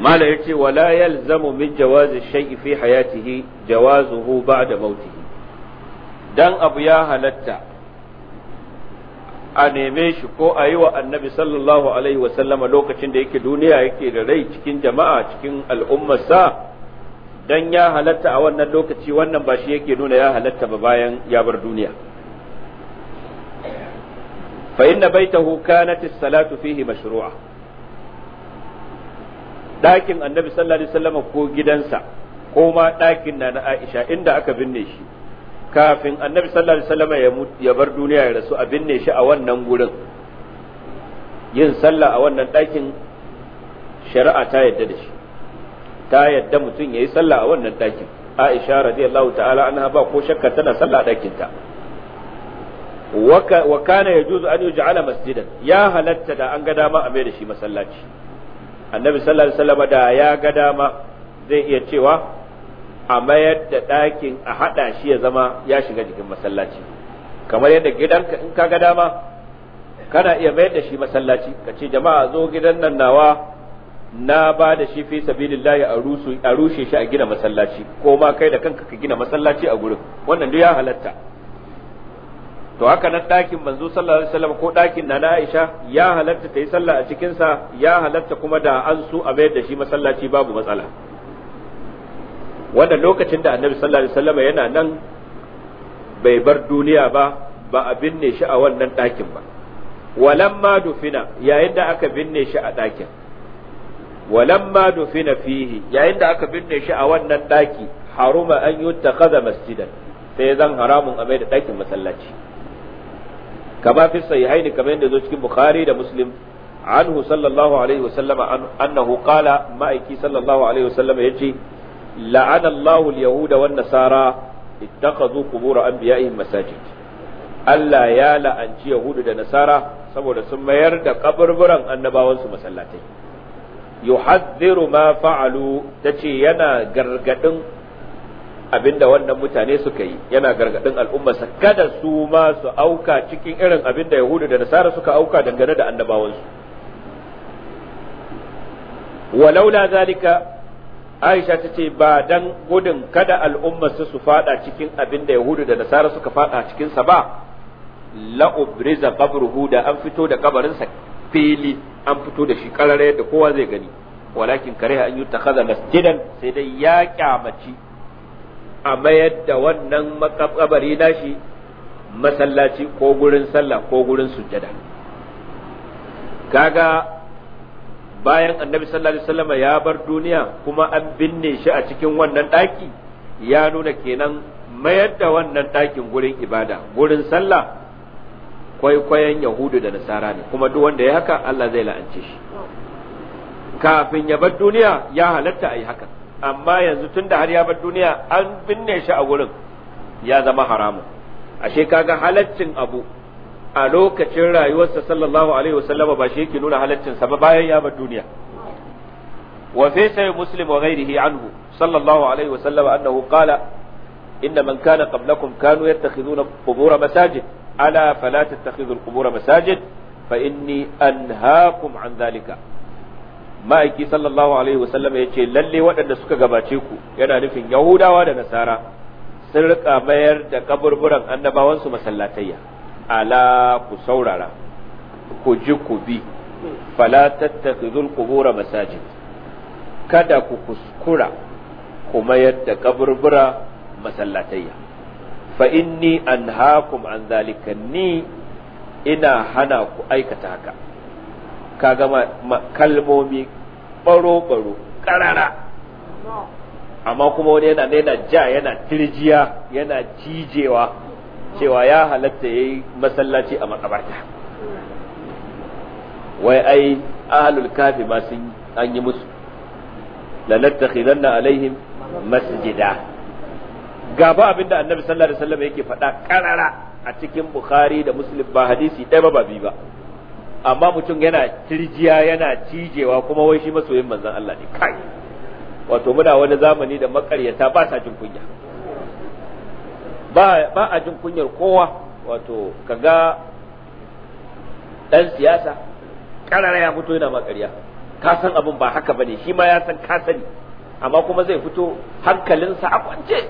mala yace wala zamu min jawazi shay'i fi hayatihi jawazuhu ba'da mautihi dan abu ya halatta a neme shi ko a yi wa annabi sallallahu alaihi wasallama lokacin da yake duniya yake da rai cikin jama'a cikin al'ummarsa dan ya halatta a wannan lokaci wannan ba shi yake nuna ya halatta ba bayan ya bar duniya fa inna baitahu kanat as-salatu fihi mashru'a ɗakin annabi sallallahu alaihi wasallam ko gidansa ko ma ɗakin na na Aisha inda aka binne shi kafin annabi sallallahu alaihi wasallam ya bar duniya ya rasu a binne shi a wannan gurin yin sallah a wannan ɗakin shari'a ta yadda da shi ta yadda mutum yayi sallah a wannan ɗakin Aisha radiyallahu ta'ala anha ba ko shakka tana sallah a ɗakin ta wa kana yajuzu an yuj'ala masjidan ya halatta da an ga dama a mai da shi masallaci annabi sallallahu alaihi wasallam da ya ga dama zai iya cewa a mayar da ɗakin a haɗa shi ya zama ya shiga jikin masallaci kamar yadda gidanka in ka ga dama kana iya mayar da shi masallaci ka ce jama'a zo gidan nan nawa na ba da shi fi sabilillahi a rushe shi a gina masallaci ko ma kai da kanka ka gina masallaci a gurin wannan duk ya halatta to haka nan ɗakin manzo sallallahu alaihi wasallam ko ɗakin na Aisha ya halatta ta yi sallah a cikin sa ya halatta kuma da an su a bayar da shi masallaci babu matsala wanda lokacin da annabi sallallahu alaihi wasallam yana nan bai bar duniya ba ba a binne shi a wannan ɗakin ba walamma dufina yayin da aka binne shi a ɗakin walamma dufina fihi yayin da aka binne shi a wannan ɗaki haruma an yutakhadha masjidan sai zan haramun a mai da ɗakin masallaci kama fi sahihain kamar yadda zo cikin bukhari da muslim anhu sallallahu alaihi wasallam annahu qala ma'aiki sallallahu alaihi wasallam yace la'ana Allahu al-yahuda wan nasara ittakhadhu qubur anbiya'ihim masajid Allah ya la'anci yahudu da nasara saboda sun mayar da kaburburan annabawansu masallatai yuhadhdhiru ma fa'alu tace yana gargadin abinda wannan mutane suka yi yana gargadin al'ummarsa kada su ma su auka cikin irin abinda yahudu da nasara suka auka dangane da annabawansu walaula zalika aisha ta ce ba dan gudun kada al'ummarsa su fada cikin abinda yahudu da nasara suka fada cikinsa ba la'ubriza qabruhu da an fito da kabarinsa fili an fito da shi karare da kowa zai gani walakin kare an yi ta masjidan sai dai ya kyamaci a mayar da wannan makabari nashi masallaci ko gurin sallah ko gurin sujjada kaga bayan annabi sallallahu alaihi wasallam ya bar duniya kuma an binne shi a cikin wannan daki ya nuna kenan mayar da wannan dakin gurin ibada gurin sallah kwaikwayon yahudu da nasara ne kuma duk wanda ya haka Allah zai la'ance shi kafin ya bar duniya ya halatta a yi hakan amma yanzu tunda har ya bar duniya an binne shi a gurin ya zama haramun ashe kaga halaccin abu a lokacin rayuwarsa sallallahu alaihi wasallama ba shi yake nuna halaccin sa ba bayan ya bar duniya wa fi muslim wa ghairihi anhu sallallahu alaihi wasallama annahu qala inna man kana qablakum kanu yattakhidhuna qubur masajid ala fala tattakhidhu al masajid fa inni anhaakum an dhalika ma'aiki sallallahu alaihi wasallam ya ce lalle waɗanda suka gabace ku yana nufin yahudawa da nasara sun rika mayar da kaburburan annabawansu masallatayya ala ku saurara ku ji ku bi fala tattakhidul qubura masajid kada ku kuskura ku mayar da kaburbura masallatayya fa inni anhaakum an zalika ni ina hana ku aikata haka Ka gama kalmomi baro-baro karara amma kuma wani yana yana ja yana tirjiya yana cijewa cewa ya halatta ya yi masallaci a makabarta wai ai ahalul kafi ma sun an yi musu lalatta khidanna alaihim masjida gaba abinda annabi sallallahu alaihi wasallam yake faɗa karara a cikin bukhari da muslim ba hadisi ɗaya ba ba bi ba amma mutum yana tirjiya yana cijewa kuma wai shi masoyin manzon Allah ne kai wato muna wani zamani da makaryata ba sa jin kunya ba ba a jin kunyar kowa wato kaga dan siyasa karara ya fito yana makarya ka san abin ba haka bane shi ma ya san ka sani amma kuma zai fito hankalinsa a kwance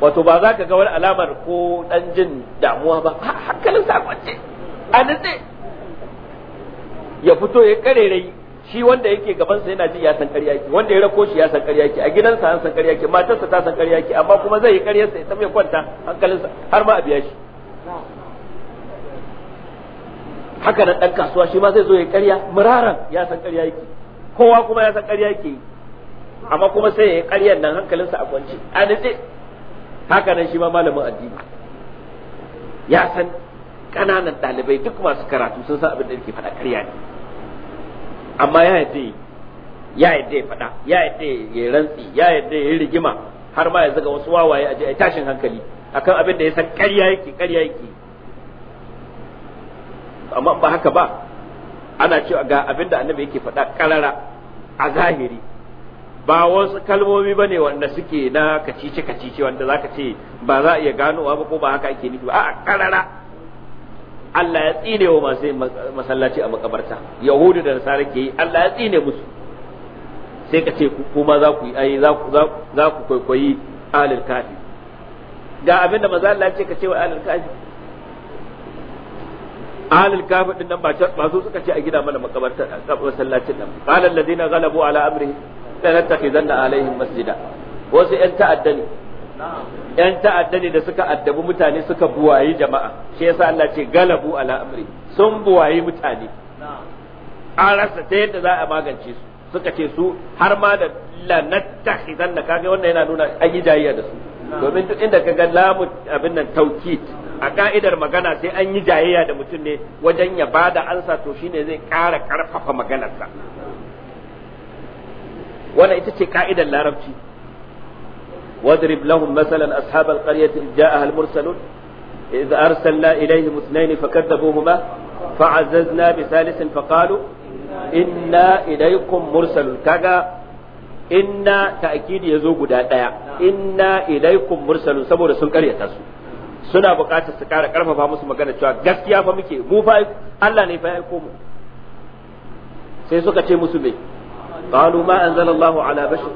wato ba za ka ga wani alamar ko dan jin damuwa ba hankalinsa a kwance a nutse ya fito ya karerai shi wanda yake gabansa yana ji ya san ƙarya yake wanda ya rako shi ya san ƙarya yake a gidansa an san ƙarya yake matarsa ta san ƙarya yake amma kuma zai yi ƙaryarsa ya tafi kwanta hankalinsa har ma a biya shi haka nan dan kasuwa shi ma zai zo ya ƙarya muraran ya san ƙarya yake kowa kuma ya san ƙarya yake amma kuma sai ya yi nan hankalinsa a kwance a nitse haka nan shi ma malamin addini ya san ƙananan ɗalibai duk masu karatu sun san abin da yake faɗa ƙarya ne amma ya yadda ya yadda ya faɗa ya yadda ya rantsi ya yadda ya rigima har ma ya zaga wasu wawaye a ai tashin hankali akan abin da ya san ƙarya yake ƙarya yake amma ba haka ba ana cewa ga abin da annabi yake faɗa ƙarara a zahiri ba wasu kalmomi bane wanda suke na kacice kacice wanda zaka ce ba za a iya ganowa ba ko ba haka ake nufi ba a ƙarara Allah ya tsine wa masu masallaci a makabarta yahudu da nasara ke yi Allah ya tsine musu sai ka ce kuma za ku yi ai za ku kwaikwayi alil kafi ga abinda manzo Allah ya ce ka ce wa alil kafi alil kafi din nan ba su suka ce a gida mana makabartar masallacin nan qala alladhina ghalabu ala amri amrihi lanattakhizanna alaihim masjida wasu yan ta'adda ne yan ta'adda ne da suka addabi mutane suka buwayi jama'a shi yasa Allah ce galabu ala amri sun buwayi mutane an rasa ta yadda za a magance su suka ce su har ma da lanattakhidan da kage wannan yana nuna an yi jayayya da su domin duk inda kaga lamu abin nan taukit a ka'idar magana sai an yi jayayya da mutum ne wajen ya ba da ansa to shine zai ƙara ƙarfafa maganarsa wannan ita ce ka'idar larabci واضرب لهم مثلا أصحاب القرية إذ جاءها المرسلون إذ أرسلنا إليهم اثنين فكذبوهما فعززنا بثالث فقالوا إنا إليكم مرسل كذا إنا تأكيد يزوج داتا إنا إليكم مرسل سبوا رسول قرية تسو suna buƙatar su ƙara ƙarfafa musu magana cewa gaskiya fa muke mu fa Allah ne fa ya aiko mu sai suka ce musu me qalu ma anzalallahu ala bashar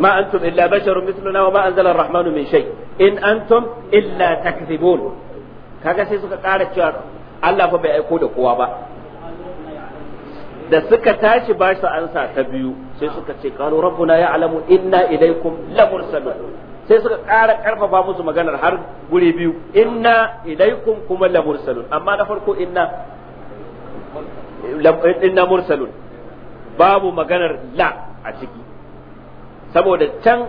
ما أنتم إلا بشر مثلنا وما أنزل الرحمن من شيء إن أنتم إلا تكذبون kaga sai suka ƙara cewa Allah fa bai aiko da kowa ba da suka tashi ba su ansa ta biyu sai suka ce qalu rabbuna ya'lamu inna ilaikum lamursalun sai suka ƙara ƙarfafa musu maganar har guri biyu inna ilaikum kuma lamursalun amma na farko inna inna mursalun babu maganar la a ciki saboda can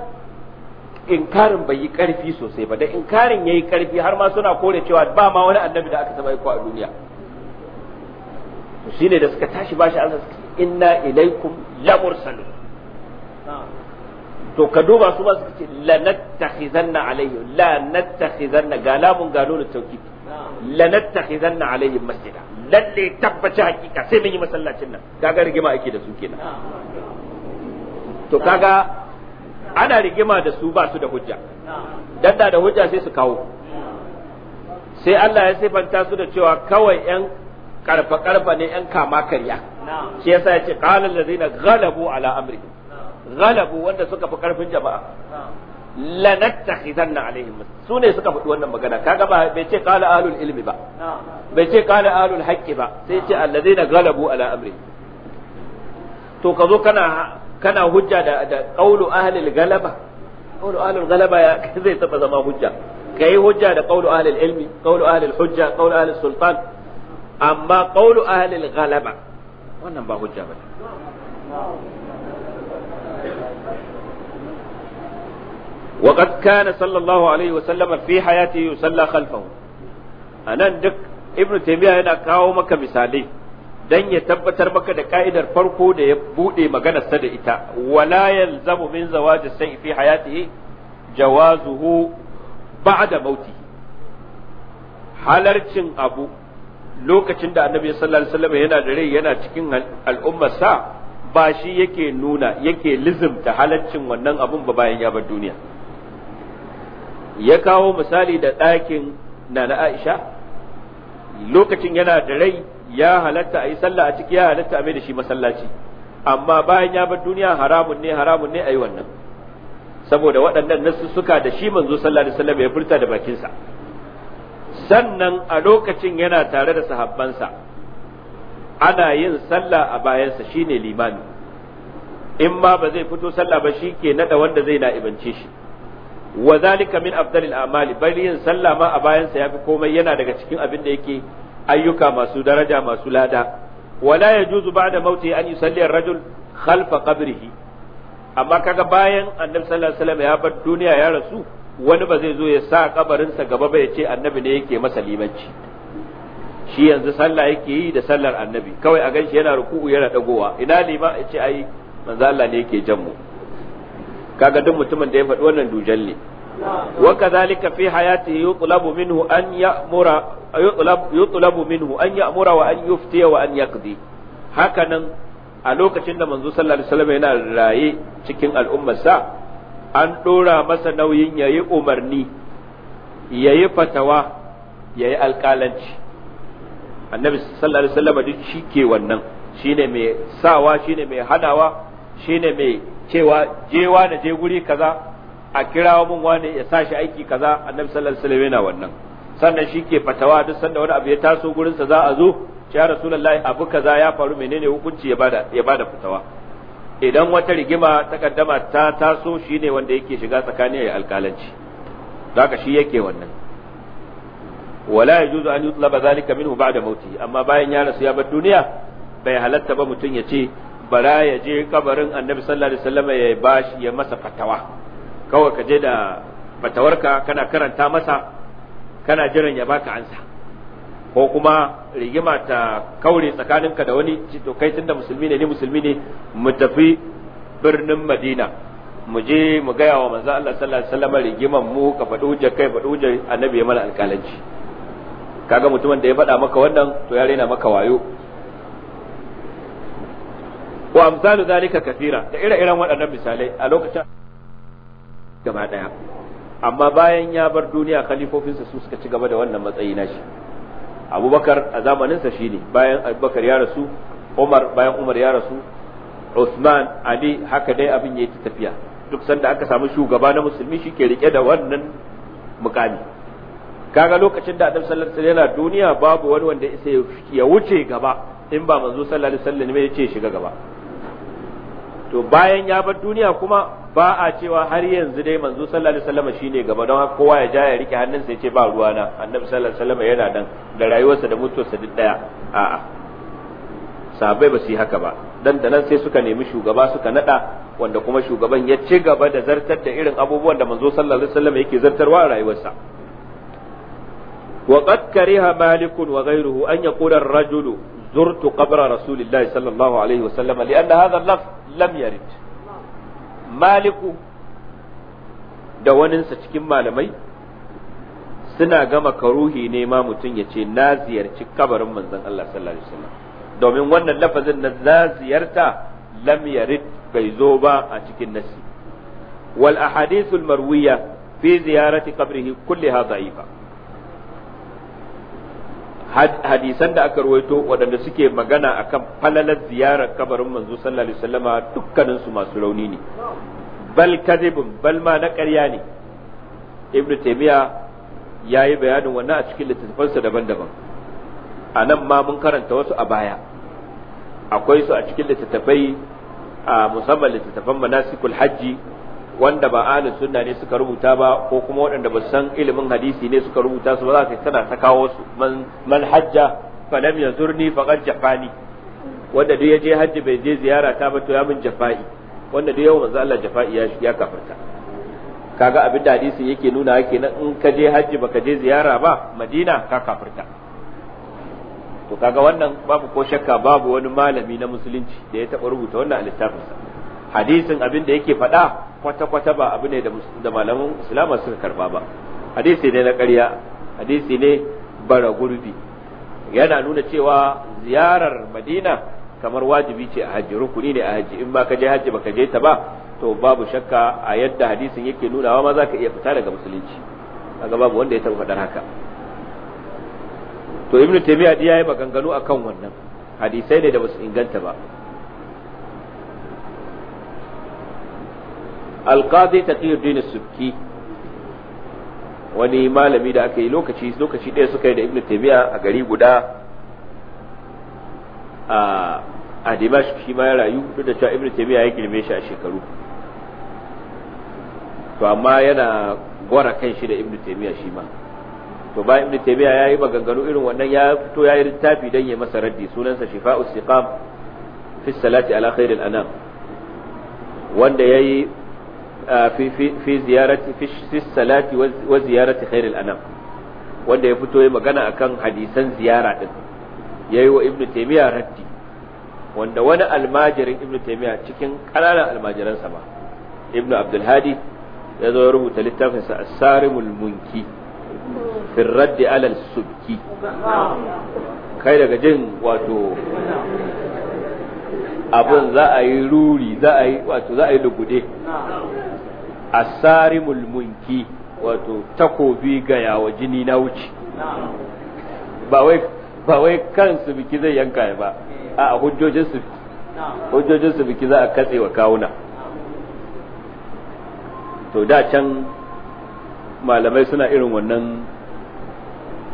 inkarin bai yi karfi sosai ba da inkarin yayi karfi har ma suna kore cewa ba ma wani annabi da aka taba aiko a duniya to shine da suka tashi bashi Allah suka inna ilaikum la mursalun to ka duba su ba suka ce la nattakhizanna alaihi la nattakhizanna galamun galo da tauki la nattakhizanna alaihi masjida lalle tabbaci hakika sai mun yi masallacin nan kaga rigima ake da su kenan to kaga ana rigima da su ba su da hujja dan da da hujja sai su kawo sai Allah ya sifanta su da cewa kawai yan karfa karfa ne yan kama karya shi yasa ya ce qala allazina ghalabu ala amri ghalabu wanda suka fi karfin jama'a lanattakhidanna alaihim su ne suka fi wannan magana kaga ba bai ce qala alul ilmi ba bai ce qala alul haqqi ba sai ce allazina ghalabu ala amri to ka zo kana kana hujja da da qaulu ahlil galaba qaulu ahlil galaba ya <laughs> zai taba zama hujja kai hujja da qaulu ahlil ilmi qaulu ahlil hujja qaulu ahlil sultan amma qaulu ahlil galaba wannan ba hujja bane وقد كان صلى الله عليه وسلم في حياته يصلى خلفه anan duk ibn taymiya yana kawo maka misalai dan ya tabbatar maka da ka'idar farko da ya bude maganarsa da ita wala yalzamu min zawaji sai fi hayatihi jawazuhu ba'da mauti halarcin abu lokacin da annabi sallallahu alaihi wasallam yana da rai yana cikin al'ummarsa ba shi yake nuna yake lizimta halarcin wannan abun ba bayan ya bar duniya ya kawo misali da ɗakin Nana Aisha lokacin yana da rai ya halatta a yi sallah a ciki ya halatta a mai da shi masallaci amma bayan ya bar duniya haramun ne haramun ne a yi wannan saboda waɗannan suka da shi manzo sallallahu alaihi wasallam ya furta da bakinsa sannan a lokacin yana tare da sahabbansa ana yin sallah a bayansa shine limami in ma ba zai fito sallah ba shi ke nada wanda zai na'ibance shi wa zalika min afdalil a'mali bari yin sallah ma a bayansa yafi komai yana daga cikin abin da yake ayyuka masu daraja masu lada wala ya juzu ba da mauti an yusalli ar-rajul khalfa qabrihi amma kaga bayan annabi sallallahu alaihi wasallam ya bar duniya ya rasu wani ba zai zo ya sa kabarinsa gaba ba ya ce annabi ne yake masa limanci shi yanzu sallah yake yi da sallar annabi kawai a ganshi yana ruku'u yana dagowa ina lima ya ce ai manzo Allah ne yake jan mu kaga duk mutumin da ya faɗi wannan dujan ne wa kadhalika fi hayatihi yutlabu minhu an ya'mura yutlabu minhu an ya'mura wa an yuftiya wa an hakanan a lokacin da manzo sallallahu alaihi wasallam yana raye cikin al'ummarsa an dora masa nauyin yayi umarni yayi fatawa yayi alƙalanci annabi sallallahu alaihi wasallam duk shi ke wannan shine mai sawa shine mai hadawa shine mai cewa jewa na je guri kaza a kirawo mun wani ya sa shi aiki kaza annabi sallallahu alaihi wasallam wannan sannan shi ke fatawa duk sanda wani abu ya taso gurin sa za a zo ya rasulullahi abu kaza ya faru menene hukunci ya bada ya bada fatawa idan wata rigima ta kaddama ta taso shine wanda yake shiga tsakani ya alkalanci zaka shi yake wannan wala yajuzu an yutlaba zalika minhu ba'da mautihi amma bayan ya rasu ya bar duniya bai halatta ba mutum ya ce bara ya je kabarin annabi sallallahu alaihi wasallam ya bashi ya masa fatawa kawai ka je da fatawarka kana karanta masa kana jiran ya baka ansa ko kuma rigima ta kaure tsakaninka da wani to kai tunda musulmi ne ni musulmi ne mu tafi birnin Madina mu je mu gaya wa manzo Allah sallallahu alaihi wasallam rigiman mu ka faɗi hujjar kai faɗi hujjar annabi ya mana alƙalanci kaga mutumin da ya faɗa maka wannan to ya rena maka wayo wa amsalu zalika kathira da ire-iren waɗannan misalai a lokacin gaba daya amma bayan ya bar duniya khalifofinsa su suka ci gaba da wannan matsayi nashi abubakar a zamaninsa shine bayan abubakar ya rasu umar bayan umar ya rasu usman ali haka dai abin ya yi tafiya duk sanda aka samu shugaba na musulmi shi ke rike da wannan mukami kaga lokacin da adam sallallahu alaihi wasallam yana duniya babu wani wanda isa ya wuce gaba in ba manzo sallallahu alaihi wasallam ya ce shiga gaba to bayan ya bar duniya kuma ba a cewa har yanzu dai manzo sallallahu alaihi wasallam shine gaba don haka kowa ya ja ya rike hannunsa ya ce ba na annabi sallallahu alaihi wasallam yana dan da rayuwarsa da mutuwarsa duk daya a'a sahabbai ba su yi haka ba dan da nan sai suka nemi shugaba suka nada wanda kuma shugaban ya ci gaba da zartar da irin abubuwan da manzo sallallahu alaihi wasallam yake zartarwa a rayuwarsa وقد كره مالك وغيره أن يقول الرجل زرت قبر رسول الله صلى الله عليه وسلم لأن هذا اللفظ لم يرد maliku da waninsa cikin malamai suna gama karuhi ne ma mutum ya ce na ziyarci kabarin manzon Allah sallallahu alaihi wasallam domin wannan lafazin na na ziyarta lam yarid bai zo ba a cikin nasi wal ahadithul marwiya fi ziyarati qabrihi kulliha da'ifa hadisan da aka ruwaito waɗanda suke magana akan falalar ziyarar kabarin manzo sallallahu alaihi wasallama dukkanin su masu rauni ne bal kadibun bal ma na ƙarya ne ibnu taymiya yayi bayanin wannan a cikin littattafansa daban-daban a nan ma mun karanta wasu a baya akwai su a cikin littattafai a musamman littattafan manasikul hajji wanda ba ahlus sunna ne suka rubuta ba ko kuma waɗanda ba san ilimin hadisi ne suka rubuta su ba za ka tana ta kawo su man hajja lam yazurni qad jafani wanda duk ya je hajji bai je ziyara ta ba to ya min jafa'i wanda duk yau manzo Allah jafa'i ya ya kafirta kaga abin da hadisi yake nuna yake na in ka je hajji baka je ziyara ba Madina ka kafirta to kaga wannan babu ko shakka babu wani malami na musulunci da ya taɓa rubuta wannan a littafinsa hadisin abin da yake faɗa kwata-kwata ba abu ne da malaman islama suka karba ba hadisi ne na karya hadisi ne bara gurbi yana nuna cewa ziyarar madina kamar wajibi ce a hajji rukuni ne a hajji in ba ka je hajji ba ka je ta ba to babu shakka a yadda hadisin yake nunawa ma za ka iya fita daga musulunci kaga babu wanda ya taɓa faɗar haka to ibnu taymiya ya yi maganganu akan wannan hadisai ne da basu inganta ba alqadi taqiyuddin subki wani malami da aka yi lokaci lokaci ɗaya suka yi da ibnu Taimiyya a gari guda a a shi ma ya rayu duk da cewa ibnu Taimiyya ya girme shi a shekaru to amma yana gwara kan shi da ibnu Taimiyya shi ma to ba ibnu ya yi maganganu irin wannan ya fito ya yi littafi dan ya masa raddi sunansa shifa'us siqam fi salati ala khairil anam wanda yayi fi fi ziyarati fi salati wa ziyarati khairil anam wanda ya fito ya magana akan hadisan ziyara din yayi wa ibnu taymiya raddi wanda wani almajirin Ibn taymiya cikin kananan almajiransa ba Ibn abdul hadi ya zo ya rubuta littafin sa as-sarimul munki fi raddi ala subki kai daga jin wato abun za a yi ruri za a yi wato za a yi lugude asari mulmunki wato takobi ga yawa jini na wuce ba wai ba wai kansu biki zai yanka ba a hujjojinsu su biki za a katse wa kawuna to da can malamai suna irin wannan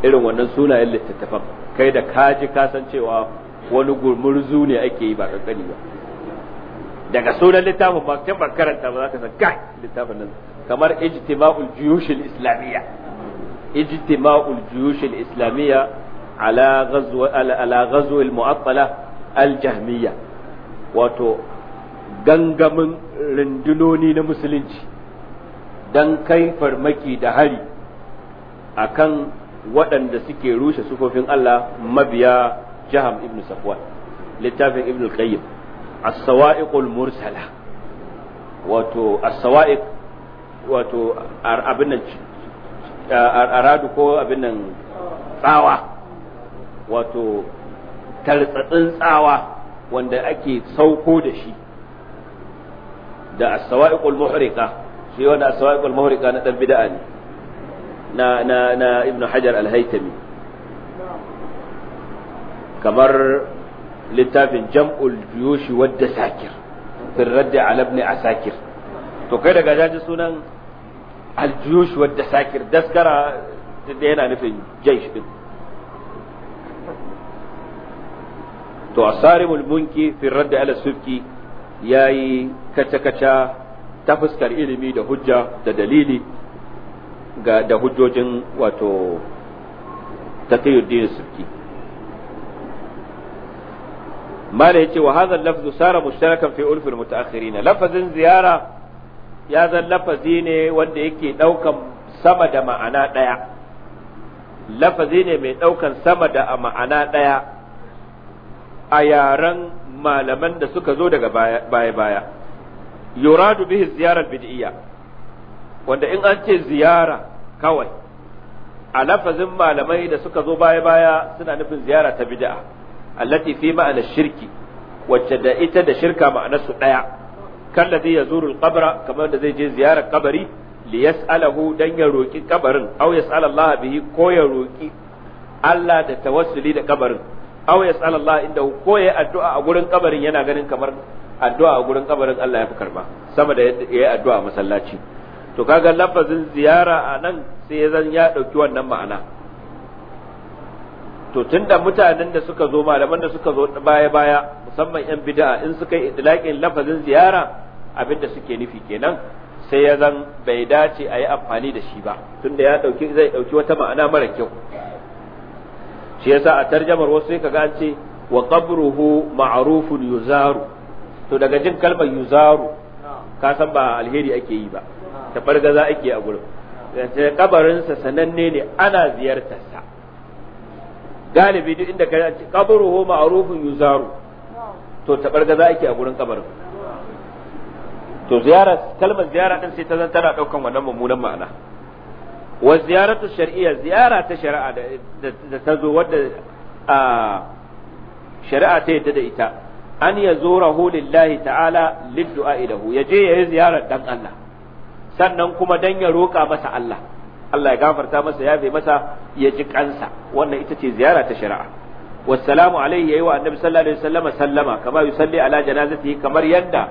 irin wannan sunayen littattafan kai da kaji kasancewa wani gurmurzu ne ake yi ba kankani ba daga sunan littafin ba ta ban karanta ba za ka san kai littafin nan kamar ijtima'ul juyush islamiyya ijtima'ul islamiyya ala ghazwa ala ghazwa al mu'attala al jahmiyya wato gangamin rundunoni na musulunci dan kai farmaki da hari akan waɗanda suke rushe sufofin Allah mabiya jaham ibn safwan littafin ibn al-qayyim as-sawa'iqul mursala wato as-sawa'iq wato abin nan aradu ko abin nan tsawa wato tartsatsin tsawa wanda ake sauko da shi da as-sawa'iqul muhriqa shi wanda as-sawa'iqul muhriqa na dan bid'a ne na Ibn hajar al haitami kamar littafin jam'ul juyushi wadda sakir fil raddi ala ibn asakir to kai daga jaji sunan al juyushi wadda sakir daskara da yana nufin jaish din to asarimul munki fil raddi ala sufki yayi kaca-kaca ta fuskar ilimi da hujja da dalili ga da hujjojin wato taqiyuddin sufki mala yace wa hadha lafzu sara mushtarakan fi ulfil mutaakhirin lafazin ziyara ya zan lafazi ne wanda yake daukan sama da ma'ana daya lafazi mai daukan sama da ma'ana daya a yaren malaman da suka zo daga baya baya yuradu bihi ziyarar bid'iyya wanda in an ce ziyara kawai a lafazin malamai da suka zo baya baya suna nufin ziyara ta bid'a allati fi ma'ana shirki wacce da ita da shirka ma'anar su daya zai yazuru al-qabra kamar da zai je ziyarar kabari li yas'alahu dan ya roki kabarin aw bihi ko ya roki Allah da tawassuli da kabarin aw yas'ala inda ko ya addu'a a gurin kabarin yana ganin kamar addu'a a gurin kabarin Allah ya fi karba sama da yayi addu'a masallaci to kaga lafazin ziyara a nan sai ya zan ya dauki wannan ma'ana to tunda mutanen da suka zo malaman da suka zo baya baya musamman yan bid'a in suka yi idlaqin lafazin ziyara abinda suke nufi kenan sai ya zan bai dace a yi amfani da shi ba tunda ya dauki zai dauki wata ma'ana mara kyau shi yasa a tarjamar wasu sai kaga an ce wa qabruhu ma'rufun yuzaru to daga jin kalmar yuzaru ka san ba alheri ake yi ba ta bargaza ake a gurin kabarinsa sananne ne ana ziyartarsa galibi duk inda ka ce qabruhu ma'rufun yuzaru to tabargaza ake a gurin kabarin to ziyara kalmar ziyara din sai ta zan tana daukan wannan mummunan ma'ana wa ziyaratu shar'iyya ziyara ta shari'a da ta zo wadda a shari'a ta yadda da ita an ya zurahu lillahi ta'ala liddu'a ilahu ya je ya yi ziyarar dan Allah sannan kuma dan ya roƙa masa Allah Allah ya gafarta masa ya bai masa ya ji kansa wannan ita ce ziyara ta shari'a wassalamu alaihi yayi wa annabi sallallahu alaihi wasallama sallama kama yusalli ala janazatihi kamar yadda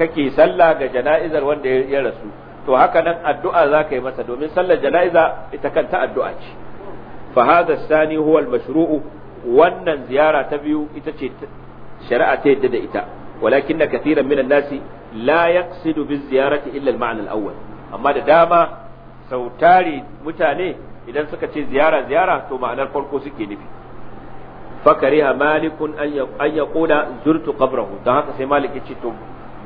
kake sallah ga jana'izar wanda ya rasu to haka nan addu'a zaka yi masa domin sallar jana'iza ita kanta addu'a ce fa hadha sani huwa al-mashru'u wannan ziyara ta biyu ita ce shari'a ta yadda da ita walakin kathiran minan nasi la yaqsidu bi ziyarati illa al-ma'na al-awwal amma da dama sau mutane idan suka ce ziyara ziyara to ma'anar farko suke nufi fakariha malikun an ya kona zurtu qabrahu don haka sai malik ce to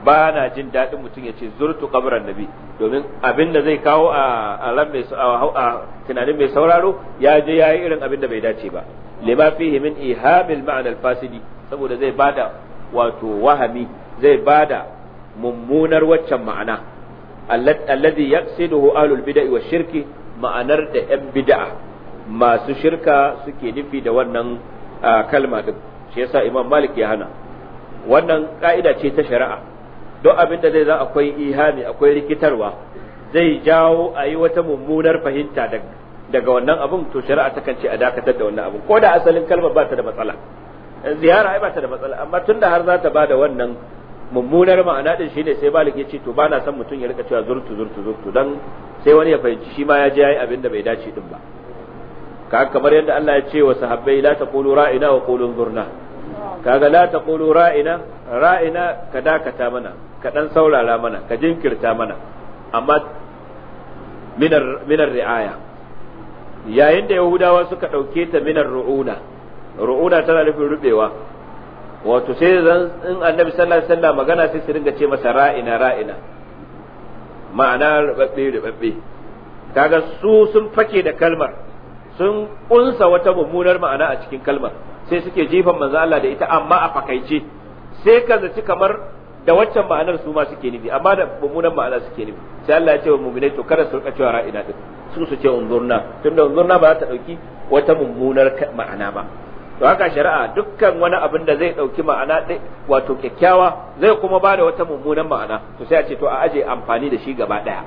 ba na jin daɗin mutum ya ce zurtu na nabi domin abin da zai kawo a tunanin mai sauraro ya je ya yi irin abin da bai dace ba lima fi min ihabil ma'anar fasidi saboda zai bada wato wahami zai bada mummunar waccan ma'ana alladhi yaqsiduhu ahlul bid'i wa shirki ma'anar da yan bid'a masu shirka suke nufi da wannan kalma din yasa imam malik ya hana wannan ka'ida ce ta shari'a duk abin da zai za akwai ihami akwai rikitarwa zai jawo a yi wata mummunar fahimta daga wannan abin to shari'a takan ce a dakatar da wannan abin ko da asalin kalmar ba ta da matsala ziyara ai ba ta da matsala amma tunda har za ta ba da wannan mummunar ma'ana din shine sai malik ya ce to ba na son mutum ya rika cewa zurtu zurtu zurtu dan sai wani ya fahimci shi ma ya je yayi abin da bai dace din ba ka kamar yadda Allah ya ce wa sahabbai la taqulu ra'ina wa qulu zurna kaga la taqulu ra'ina ra'ina ka dakata mana ka dan saurara mana ka jinkirta mana amma minar minar ri'aya yayin da yahudawa suka dauke ta minar ru'una ru'una tana nufin rubewa wato sai zan in annabi sallallahu alaihi wasallam magana sai su ringa ce masa ra'ina ra'ina ma'ana rubabbe rubabbe kaga su sun fake da kalmar sun kunsa wata mummunar ma'ana a cikin kalmar sai suke jifan manzo Allah da ita amma a fakaice sai ka zaci kamar da waccan ma'anar su ma suke nufi amma da mummunan ma'ana suke nufi sai Allah ya ce wa mu'minai to kada su rika cewa ra'ina din su su ce unzurna tunda unzurna ba za ta dauki wata mummunar ma'ana ba to haka shari'a dukkan wani abin da zai dauki ma'ana wato kyakkyawa zai kuma ba da wata mummunan ma'ana to sai a ce to a aje amfani da shi gaba ɗaya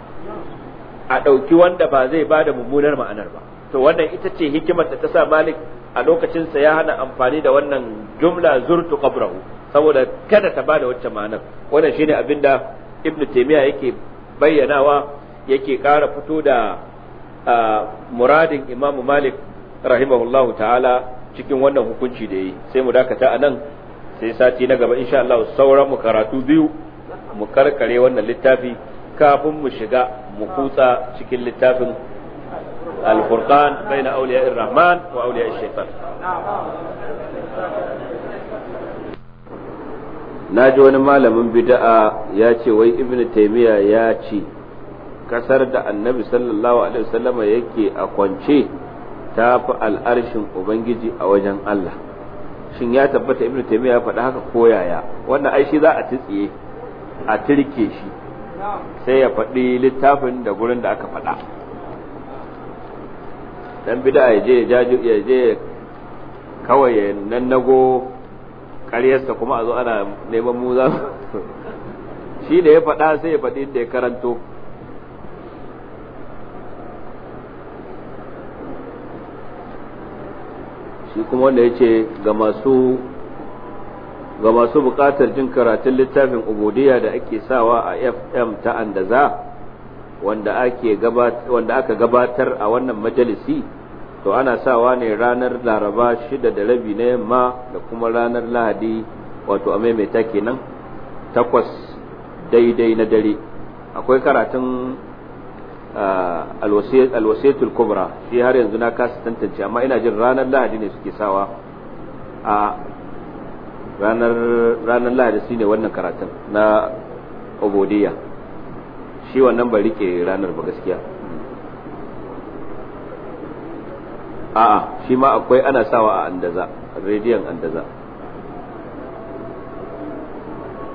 a ɗauki wanda ba zai ba da mummunar ma'anar ba to wannan ita ce hikimar da ta sa malik a lokacin sa ya hana amfani da wannan jumla zurtu qabrahu saboda kada ta ba da wacce ma'anar wannan shine abin da ibnu taymiya yake bayyanawa yake kara fito da muradin imamu malik rahimahullahu ta'ala cikin wannan hukunci da yi sai mu dakata a nan sai sati na gaba insha Allah sauran mu karatu biyu mu karkare wannan littafi kafin mu shiga mu kutsa cikin littafin al-furqan baina awliya'ir rahman wa awliya'ish shaitan na ji wani malamin bida'a ya ce wai ibn taimiyya ya ce kasar da annabi sallallahu alaihi wasallama yake a kwance ta fi al'arshin ubangiji a wajen Allah shin ya tabbata ibnu taymiya ya faɗa haka ko yaya wannan ai shi za a tsitsiye a tirke shi sai ya faɗi littafin da gurin da aka faɗa dan bid'a ya je ya je kawai ya nannago ƙaryarsa kuma a zo ana neman mu za <laughs> shi da ya faɗa sai ya faɗi da ya karanto shi kuma wanda ya ce ga masu ga buƙatar jin karatun littafin ubudiyya da ake sawa a fm ta andaza wanda aka gabatar a wannan majalisi to ana sawa ne ranar laraba shida da rabi na yamma da kuma ranar lahadi wato a maimaita kenan takwas daidai na dare akwai karatun alwasiyatul kubra shi har yanzu na kasa tantance amma ina jin ranar lahadi ne suke sawa a ranar ranar lahadi su ne wannan karatun na obodiya shi wannan ba rike ranar ba gaskiya a'a shi ma akwai ana sawa a andaza rediyon andaza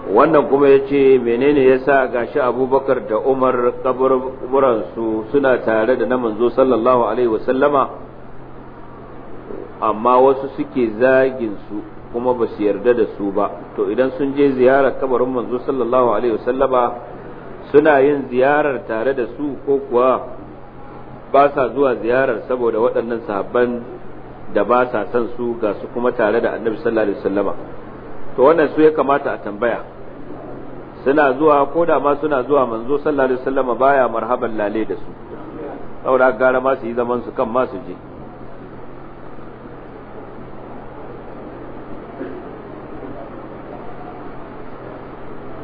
wannan kuma ya ce menene ya sa gashi abubakar da umar kaburansu suna tare da na manzo sallallahu alaihi wasallama amma wasu suke zagin su kuma ba su yarda da su ba to idan sun je ziyarar kabarin manzo sallallahu alaihi wasallama suna yin ziyarar tare da su ko kuwa ba sa zuwa ziyarar saboda waɗannan sahabban da ba sa son su ga su kuma tare da annabi sallallahu alaihi wasallama to wannan su ya kamata a tambaya suna zuwa ko da ma suna zuwa manzo sallallahu alaihi wasallam baya marhaban lale da su saboda gara ma su yi zaman su kan ma su je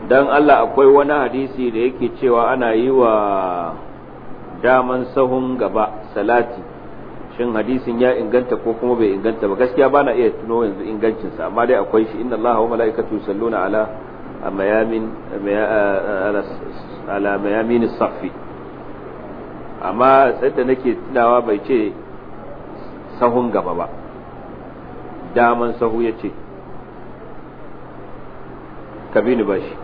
dan Allah akwai wani hadisi da yake cewa ana yi wa daman sahun gaba salati shin hadisin ya inganta ko kuma bai inganta ba gaskiya bana iya tuno yanzu ingancinsa amma dai akwai shi inna Allah wa mala'ikatu yusalluna ala ala mayamin safi amma tsadda nake tunawa bai ce sahun gaba ba daman sahu ya ce kabini ba shi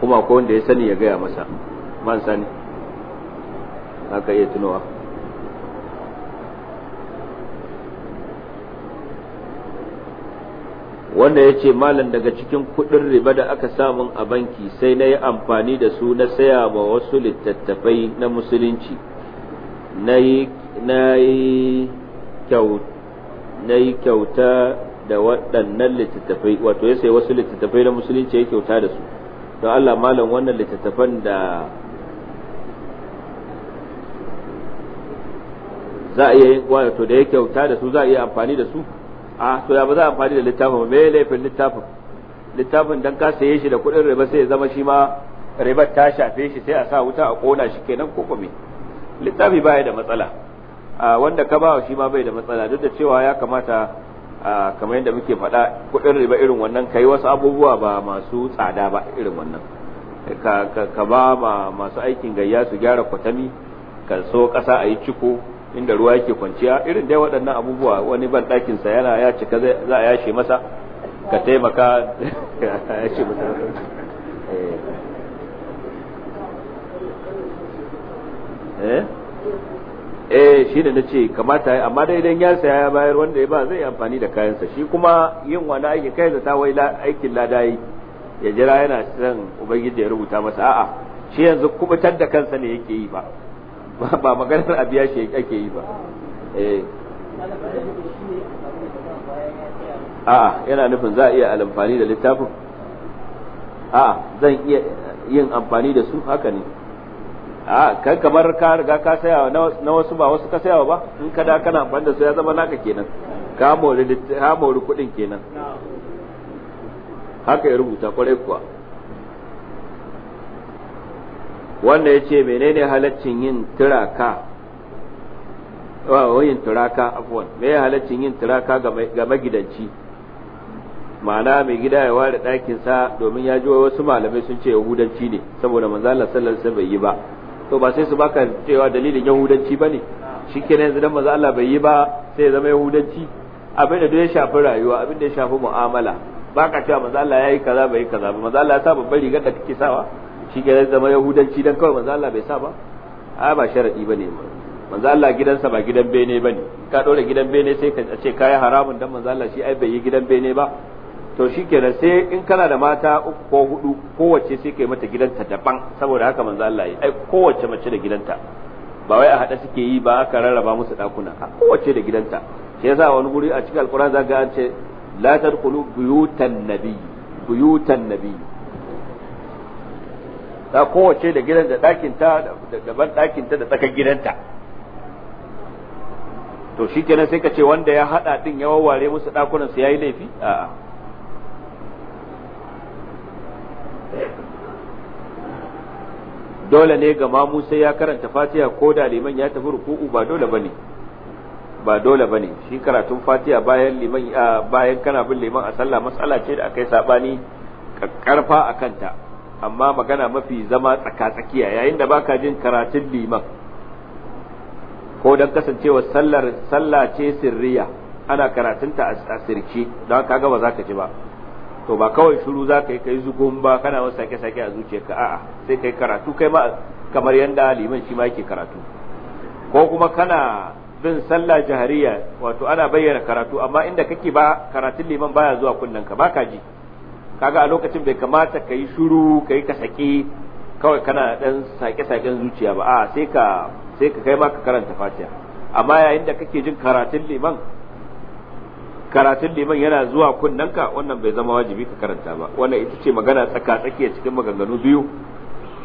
kuma ko wanda ya sani ya gaya masa man sani haka iya tunawa wanda ya ce malam daga cikin kudin riba da aka samun a banki sai na yi amfani da su na saya ma wasu littattafai na musulunci na yi kyauta da waɗannan littattafai wato ya sai wasu littattafai na musulunci ya kyauta da su don Allah malam wannan littattafan da za a iya wato da ya kyauta da su za a iya amfani da su a to ya ba za a amfani da littafin mai laifin littafin littafin dan ka saye shi da kuɗin riba sai ya zama shi ma ribar ta shafe shi sai a sa wuta a kona shi kenan ko kuma littafi baya da matsala wanda ka bawa shi ma bai da matsala duk da cewa ya kamata kamar yadda muke faɗa kuɗin riba irin wannan kai wasu abubuwa ba masu tsada ba irin wannan ka ba ma masu aikin gayya su gyara kwatami ka so ƙasa a yi ciko inda ruwa yake kwanciya irin dai waɗannan abubuwa wani ban ɗakin sa yana ya cika za a yashe masa ka taimaka <laughs> ya ce masa eh, eh? eh shi da nace kamata amma dai idan ya saya ya bayar wanda ya ba zai amfani da kayansa shi kuma yin wani aiki kai da ta wai aikin ladayi ya jira yana son ubangiji ya rubuta masa a'a shi yanzu kubutar da kansa ne yake yi ba <laughs> ba maganar a biya shi ake yi ba a eh. a'a yana nufin za a iya amfani da littafin a'a zan iya yin amfani da su haka ne a kan kamar ka riga ka saya na wasu ba wasu ka saya ba in ka da kana amfani da su ya zama naka kenan ka mori kudin kenan haka ya rubuta kwarai kuwa wanda ya ce menene halaccin yin turaka wa yin turaka afwan me halaccin yin turaka ga magidanci ma'ana mai gida ya ware ɗakinsa domin ya ji wasu malamai sun ce yahudanci ne saboda manzala sallar sa bai yi ba to ba sai su baka cewa dalilin yahudanci ba ne yanzu dan manzo Allah bai yi ba sai ya zama yahudanci abin da duk ya shafi rayuwa abin da ya shafi mu'amala baka cewa manzo Allah yayi kaza bai kaza ba manzo Allah ya sa babbar rigar da kake sawa shi ke zama yahudanci dan kawai manzo Allah bai sa ba a ba sharadi bane manzo Allah gidansa ba gidan bene bane ka dore gidan bene sai ka ce kai haramun dan manzo Allah shi ai bai yi gidan bene ba to shi kenan sai in kana da mata uku ko hudu kowace sai kai mata gidanta daban saboda haka manzo Allah ya ai kowace mace da gidanta ba wai a hada suke yi ba aka rarraba musu dakuna a kowace da gidanta shi yasa wani guri a cikin alkur'ani zaka an ce la tadkhulu buyutan nabiy buyutan nabiy ta kowace da gidan da ɗakinta da gaban ɗakinta ta da tsakar gidanta to shi kenan sai ka ce wanda ya haɗa din ya wawware musu ɗakunansu ya yi laifi a'a dole ne ga mamu sai ya karanta fatiha ko da liman ya tafi ruku'u ba dole bane ba dole bane shi karatun fatiha bayan liman bayan kana bin liman a sallah matsala ce da akai sabani karfa a kanta. amma magana mafi zama tsaka-tsakiya, yayin da baka jin karatun liman ko don kasancewa sallar sallah ce sirriya ana karatunta a sirce don kaga ba za ka ji ba to ba kawai shiru za ka yi kai zukun ba kana wasu sake-sake a Ka a'a sai kai karatu kai ma kamar yadda liman shi ma yake karatu ko kuma kana bin sallah jahariya wato ana bayyana karatu amma inda kake ba karatun liman baya zuwa kunnen ka baka ji kaga a lokacin bai kamata ka yi shuru ka yi ka saki kawai kana dan sake-saken zuciya ba a sai ka sai ka kai maka ka karanta fatiha amma yayin da kake jin karatun liman karatun liman yana zuwa kunnanka wannan bai zama wajibi ka karanta ba wannan ita ce magana tsaka a cikin maganganu biyu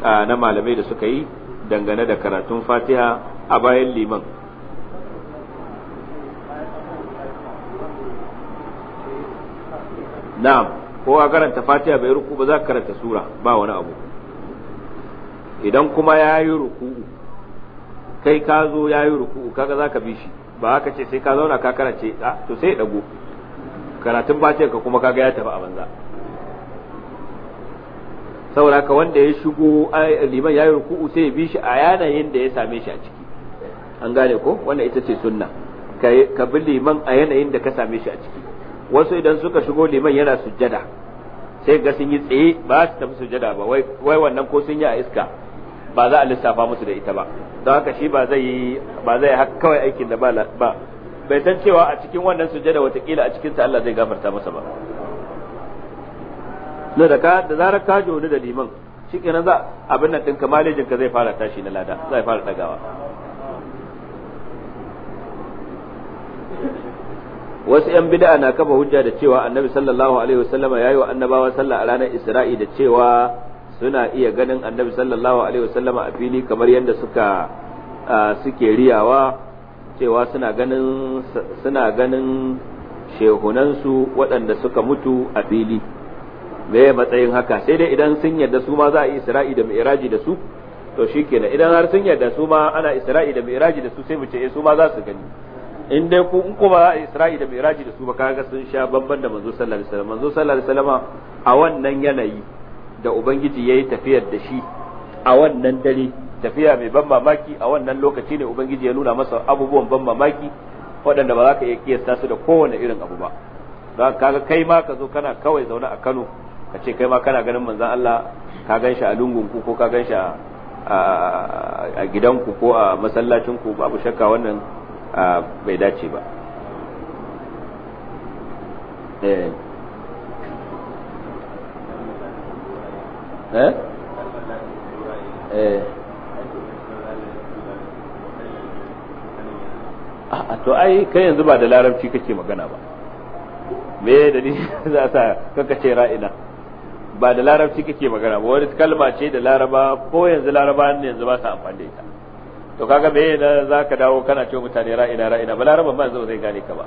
na malamai da suka yi dangane da karatun fatiha a bayan liman na'am ko a karanta fatiha bai ruku ba za ka karanta sura ba wani abu idan kuma ya yi ruku kai ka zo ya yi ruku kaga za ka bi shi ba haka ce sai ka zauna ka karance a to sai ya dago karatun fatiha ka kuma kaga ya tafi a banza saboda ka wanda ya shigo liman ya yi ruku sai ya bi shi a yanayin da ya same shi a ciki an gane ko wannan ita ce sunna ka bi liman a yanayin da ka same shi a ciki wasu idan suka shigo liman yana sujjada sai ga sun yi tsaye ba su tafi sujjada ba wai wannan ko sun yi a iska ba za a lissafa musu da ita ba don haka shi ba zai ba zai kawai aikin da ba bai san cewa a cikin wannan sujjada watakila a cikin ta Allah zai gafarta masa ba na da ka da zarar ka joni da liman shikenan za abin nan din kamalejin ka zai fara tashi na lada zai fara dagawa wasu yan bid'a na kafa hujja da cewa annabi sallallahu alaihi ya yi wa annabawa sallah a ranar isra'i da cewa suna iya ganin annabi sallallahu alaihi wasallam a fili kamar yadda suka suke riyawa cewa suna ganin suna ganin shehunansu waɗanda suka mutu a fili me matsayin haka sai dai idan sun yarda su ma za a yi isra'i da mi'raji da su to shikenan idan har sun yarda su ma ana isra'i da mi'raji da su sai mu ce eh, su ma za su gani in dai ku in ba za a isra'i da miraji da su ba kaga sun sha bamban da manzo sallallahu alaihi wasallam manzo sallallahu alaihi wasallam a wannan yanayi da ubangiji yayi tafiyar da shi a wannan dare tafiya mai ban mamaki a wannan lokaci ne ubangiji ya nuna masa abubuwan ban mamaki waɗanda ba za ka iya kiyasta su da kowane irin abu ba don kaga kai ma ka zo kana kawai zauna a Kano ka ce kai ma kana ganin manzon Allah ka gan shi a lungun ku ko ka gan shi a gidanku ko a masallacin ku babu shakka wannan bai dace ba eh eh, eh. a ah, to ai kai yanzu ba da larabci kake magana ba me da ni <laughs> za sa kaka ce ra'ina ba da larabci kake magana ba wani kalma ce da laraba ko yanzu laraba ne yanzu ba sa amfani da ita to kaga me na zaka dawo kana ce mutane ra'ina ra'ina balaraban ba zai gane ka ba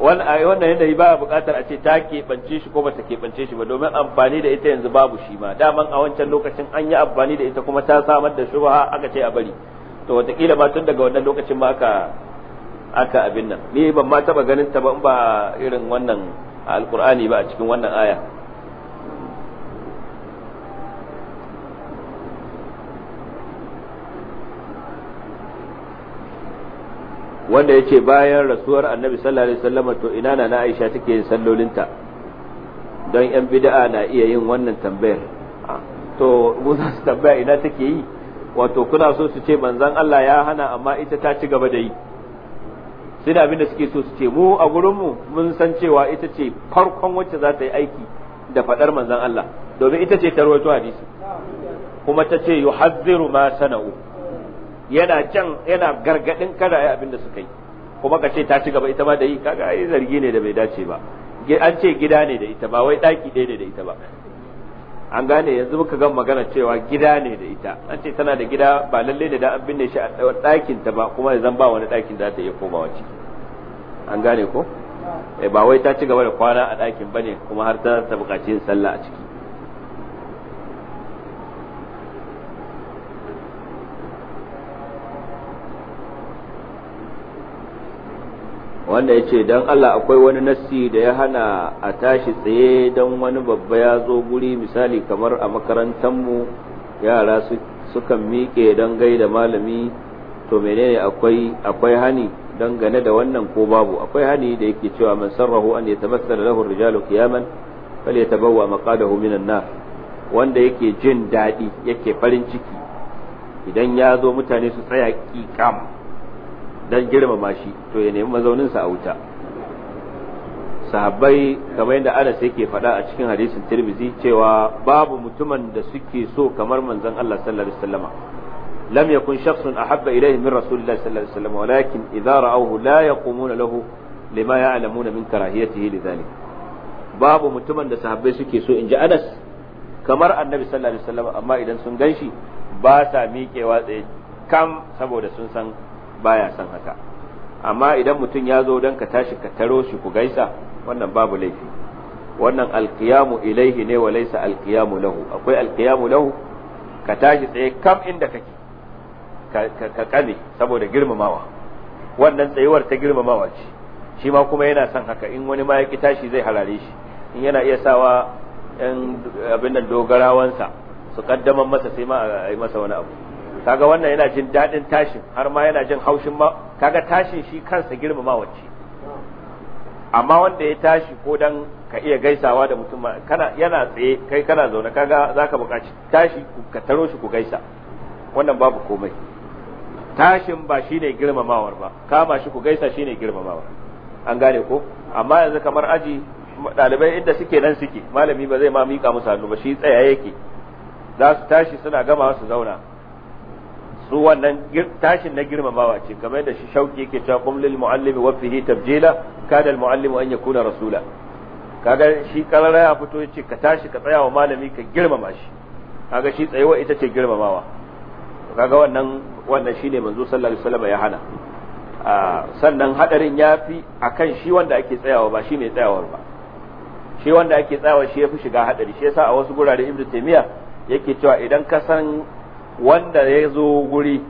wannan yanayi ba buƙatar a ce ta keɓance shi ko bata keɓance shi ba domin amfani da ita yanzu babu shi ma daman a wancan lokacin an yi amfani da ita kuma ta samar da shubha aka ce a bari to wataƙila ma tun daga wannan lokacin ma aka aka abin nan ni ban ma taɓa ganin ta ba in ba irin wannan alƙur'ani ba a cikin wannan aya wanda ya ce bayan rasuwar annabi sallallahu alaihi wasallam to ina na na aisha take yin sallolinta don yan bid'a na iya yin wannan tambayar to mu za su tambaya ina take yi wato kuna so su ce manzon Allah ya hana amma ita ta ci gaba da yi suna abin da suke so su ce mu a gurin mu mun san cewa ita ce farkon wacce za ta yi aiki da faɗar manzon Allah domin ita ce tarwato hadisi kuma ta ce yuhazziru ma sana'u yana can yana gargadin kada ya abin da suka yi kuma ka ce ta ci gaba ita ma da yi kaga ai zargi ne da bai dace ba an ce gida ne da ita ba wai daki ɗaya ne da ita ba an gane yanzu muka gan magana cewa gida ne da ita an ce tana da gida ba lalle ne da an binne shi a ɗakin ta ba kuma zan ba wani ɗakin da ta iya komawa ciki an gane ko eh, ba wai ta ci gaba da kwana a ɗakin bane kuma har ta buƙaci yin sallah a ciki wanda ya ce don Allah akwai wani nassi da ya hana a tashi tsaye don wani babba ya zo guri misali kamar a mu yara sukan miƙe don gai da malami to menene akwai akwai hani gane da wannan ko babu akwai hani da yake cewa man sarrahu an ya yatamassala lahu rijalu qiyaman falyatabawwa maqadahu minan nar wanda yake jin daɗi yake farin ciki idan ya zo mutane su tsaya kikam don girmama shi to ya nemi mazauninsa a wuta sahabbai kamar yadda anas yake faɗa a cikin hadisin tirmizi cewa babu mutumin da suke so kamar manzon Allah sallallahu alaihi wasallama lam yakun shakhsun ahabba ilayhi min rasulillahi sallallahu alaihi wasallama walakin idza ra'awhu la yaqumuna lahu lima ya'lamuna min karahiyatihi lidhalik babu mutumin da sahabbai suke so inji anas kamar annabi sallallahu alaihi wasallama amma idan sun ganshi ba sa miƙewa tsaye kam saboda sun san baya son haka amma idan mutum ya zo don ka tashi ka taro shi ku gaisa wannan babu laifi wannan alkiyamu ilaihi ne wa laisa alkiyamu lahu akwai alkiyamu lahu ka tashi tsaye kam inda kake ka kame saboda girmamawa wannan tsayuwar ta girmamawa ce shi ma kuma yana son haka in wani ma ya ki tashi zai harare shi in yana iya sawa yan abin nan dogarawansa su kaddaman masa sai ma a yi masa wani abu kaga wannan yana jin daɗin tashin har ma yana jin haushin ma kaga tashin shi kansa girmama wacce amma wanda ya tashi ko dan ka iya gaisawa da mutum kana yana tsaye kai kana zaune kaga zaka buƙaci tashi ka taro shi ku gaisa wannan babu komai tashin ba shine girmamawar ba kama shi ku gaisa shine girmamawar an gane ko amma yanzu kamar aji ɗalibai inda suke nan suke malami ba zai ma miƙa musu hannu ba shi tsaya yake za su tashi suna gama su zauna su wannan tashin na girmamawa ce kamar da shi shauki yake cewa qum lil muallimi wa fihi tabjila kada al muallimu an yakuna rasula kaga shi karara ya fito yace ka tashi ka tsaya wa malami ka girmama shi kaga shi tsayuwa ita ce girmamawa kaga wannan wannan shine manzo sallallahu alaihi wasallam ya hana sannan hadarin ya fi akan shi wanda ake tsayawa ba shi mai tsayawar ba shi wanda ake tsayawa shi ya fi shiga hadari shi yasa a wasu gurare ibnu taymiya yake cewa idan ka san wanda ya zo guri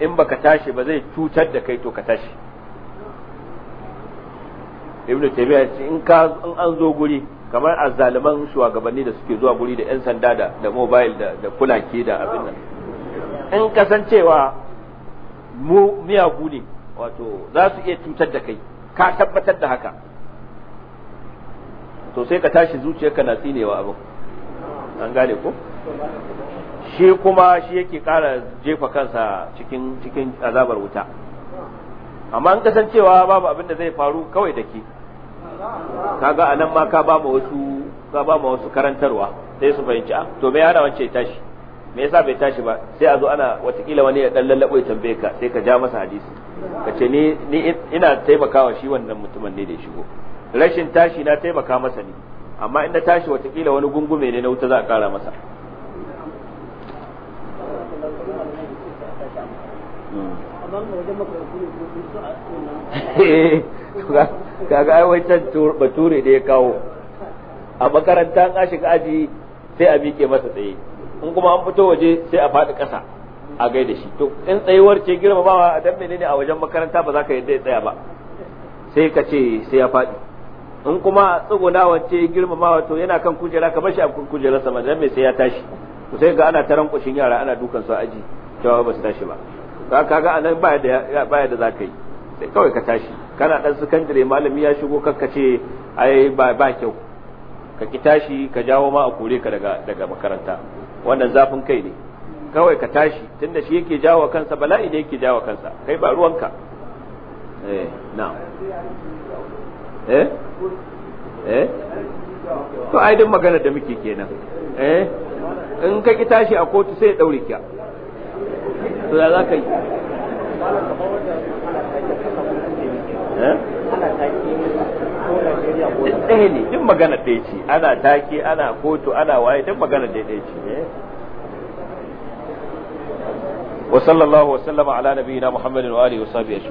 in ba ka tashi ba zai cutar da kai to ka tashi ibnu taymiya ce in ka in an zo guri kamar azzaliman shugabanni da suke zuwa guri da yan sanda da da mobile da da kulaki da abin nan in kasancewa mu miyagu ne wato za su iya cutar da kai ka tabbatar da haka to sai ka tashi zuciyarka na tsinewa abin an gane ko shi kuma shi yake ƙara jefa kansa cikin cikin azabar wuta amma an kasancewa babu abin da zai faru kawai da ke kaga a nan ma ka ba ma wasu ka ba ma wasu karantarwa sai su fahimci a ah, to me yana wance tashi me yasa bai tashi ba sai a zo ana watakila wani ya dan lallabo ya tambaye ka sai ka ja masa hadisi ka ce ni ni ina taimakawa shi wannan mutumin ne da ya shigo rashin tashi na taimaka masa ne amma in na tashi watakila wani gungume ne na wuta za a kara masa <laughs> kaga ai wancan bature da ya kawo a makaranta ka shiga aji sai a miƙe masa tsaye in kuma an fito waje sai a faɗi ƙasa a gaida shi to in tsayuwar ce girmamawa a dan menene a wajen makaranta ba za ka yadda ya tsaya ba sai ka ce sai ya faɗi in kuma tsugunawa ce girmamawa to yana kan kujera kamar shi a kujerar sama dan me sai ya tashi sai ga ana taran kushin yara ana dukan su aji cewa ba su tashi ba ka kaga anan baya da baya da zaka yi sai kawai ka tashi kana dan sakandare malami ya shigo ce ai ba ba kyau ka ki tashi ka jawo ma a kore ka daga daga makaranta wannan zafin kai ne kawai ka tashi tunda shi yake jawo kansa bala'i ne yake jawo kansa kai ba ruwanka eh na eh eh to ai duk magana da muke kenan eh in ka ki tashi a kotu sai ya daure ki to ya za ka yi eh? ɗaya ne duk magana ɗaya ce ana take ana kotu ana waye duk magana ɗaya ce eh? wa sallallahu wa sallama nabiyina muhammadin wa alihi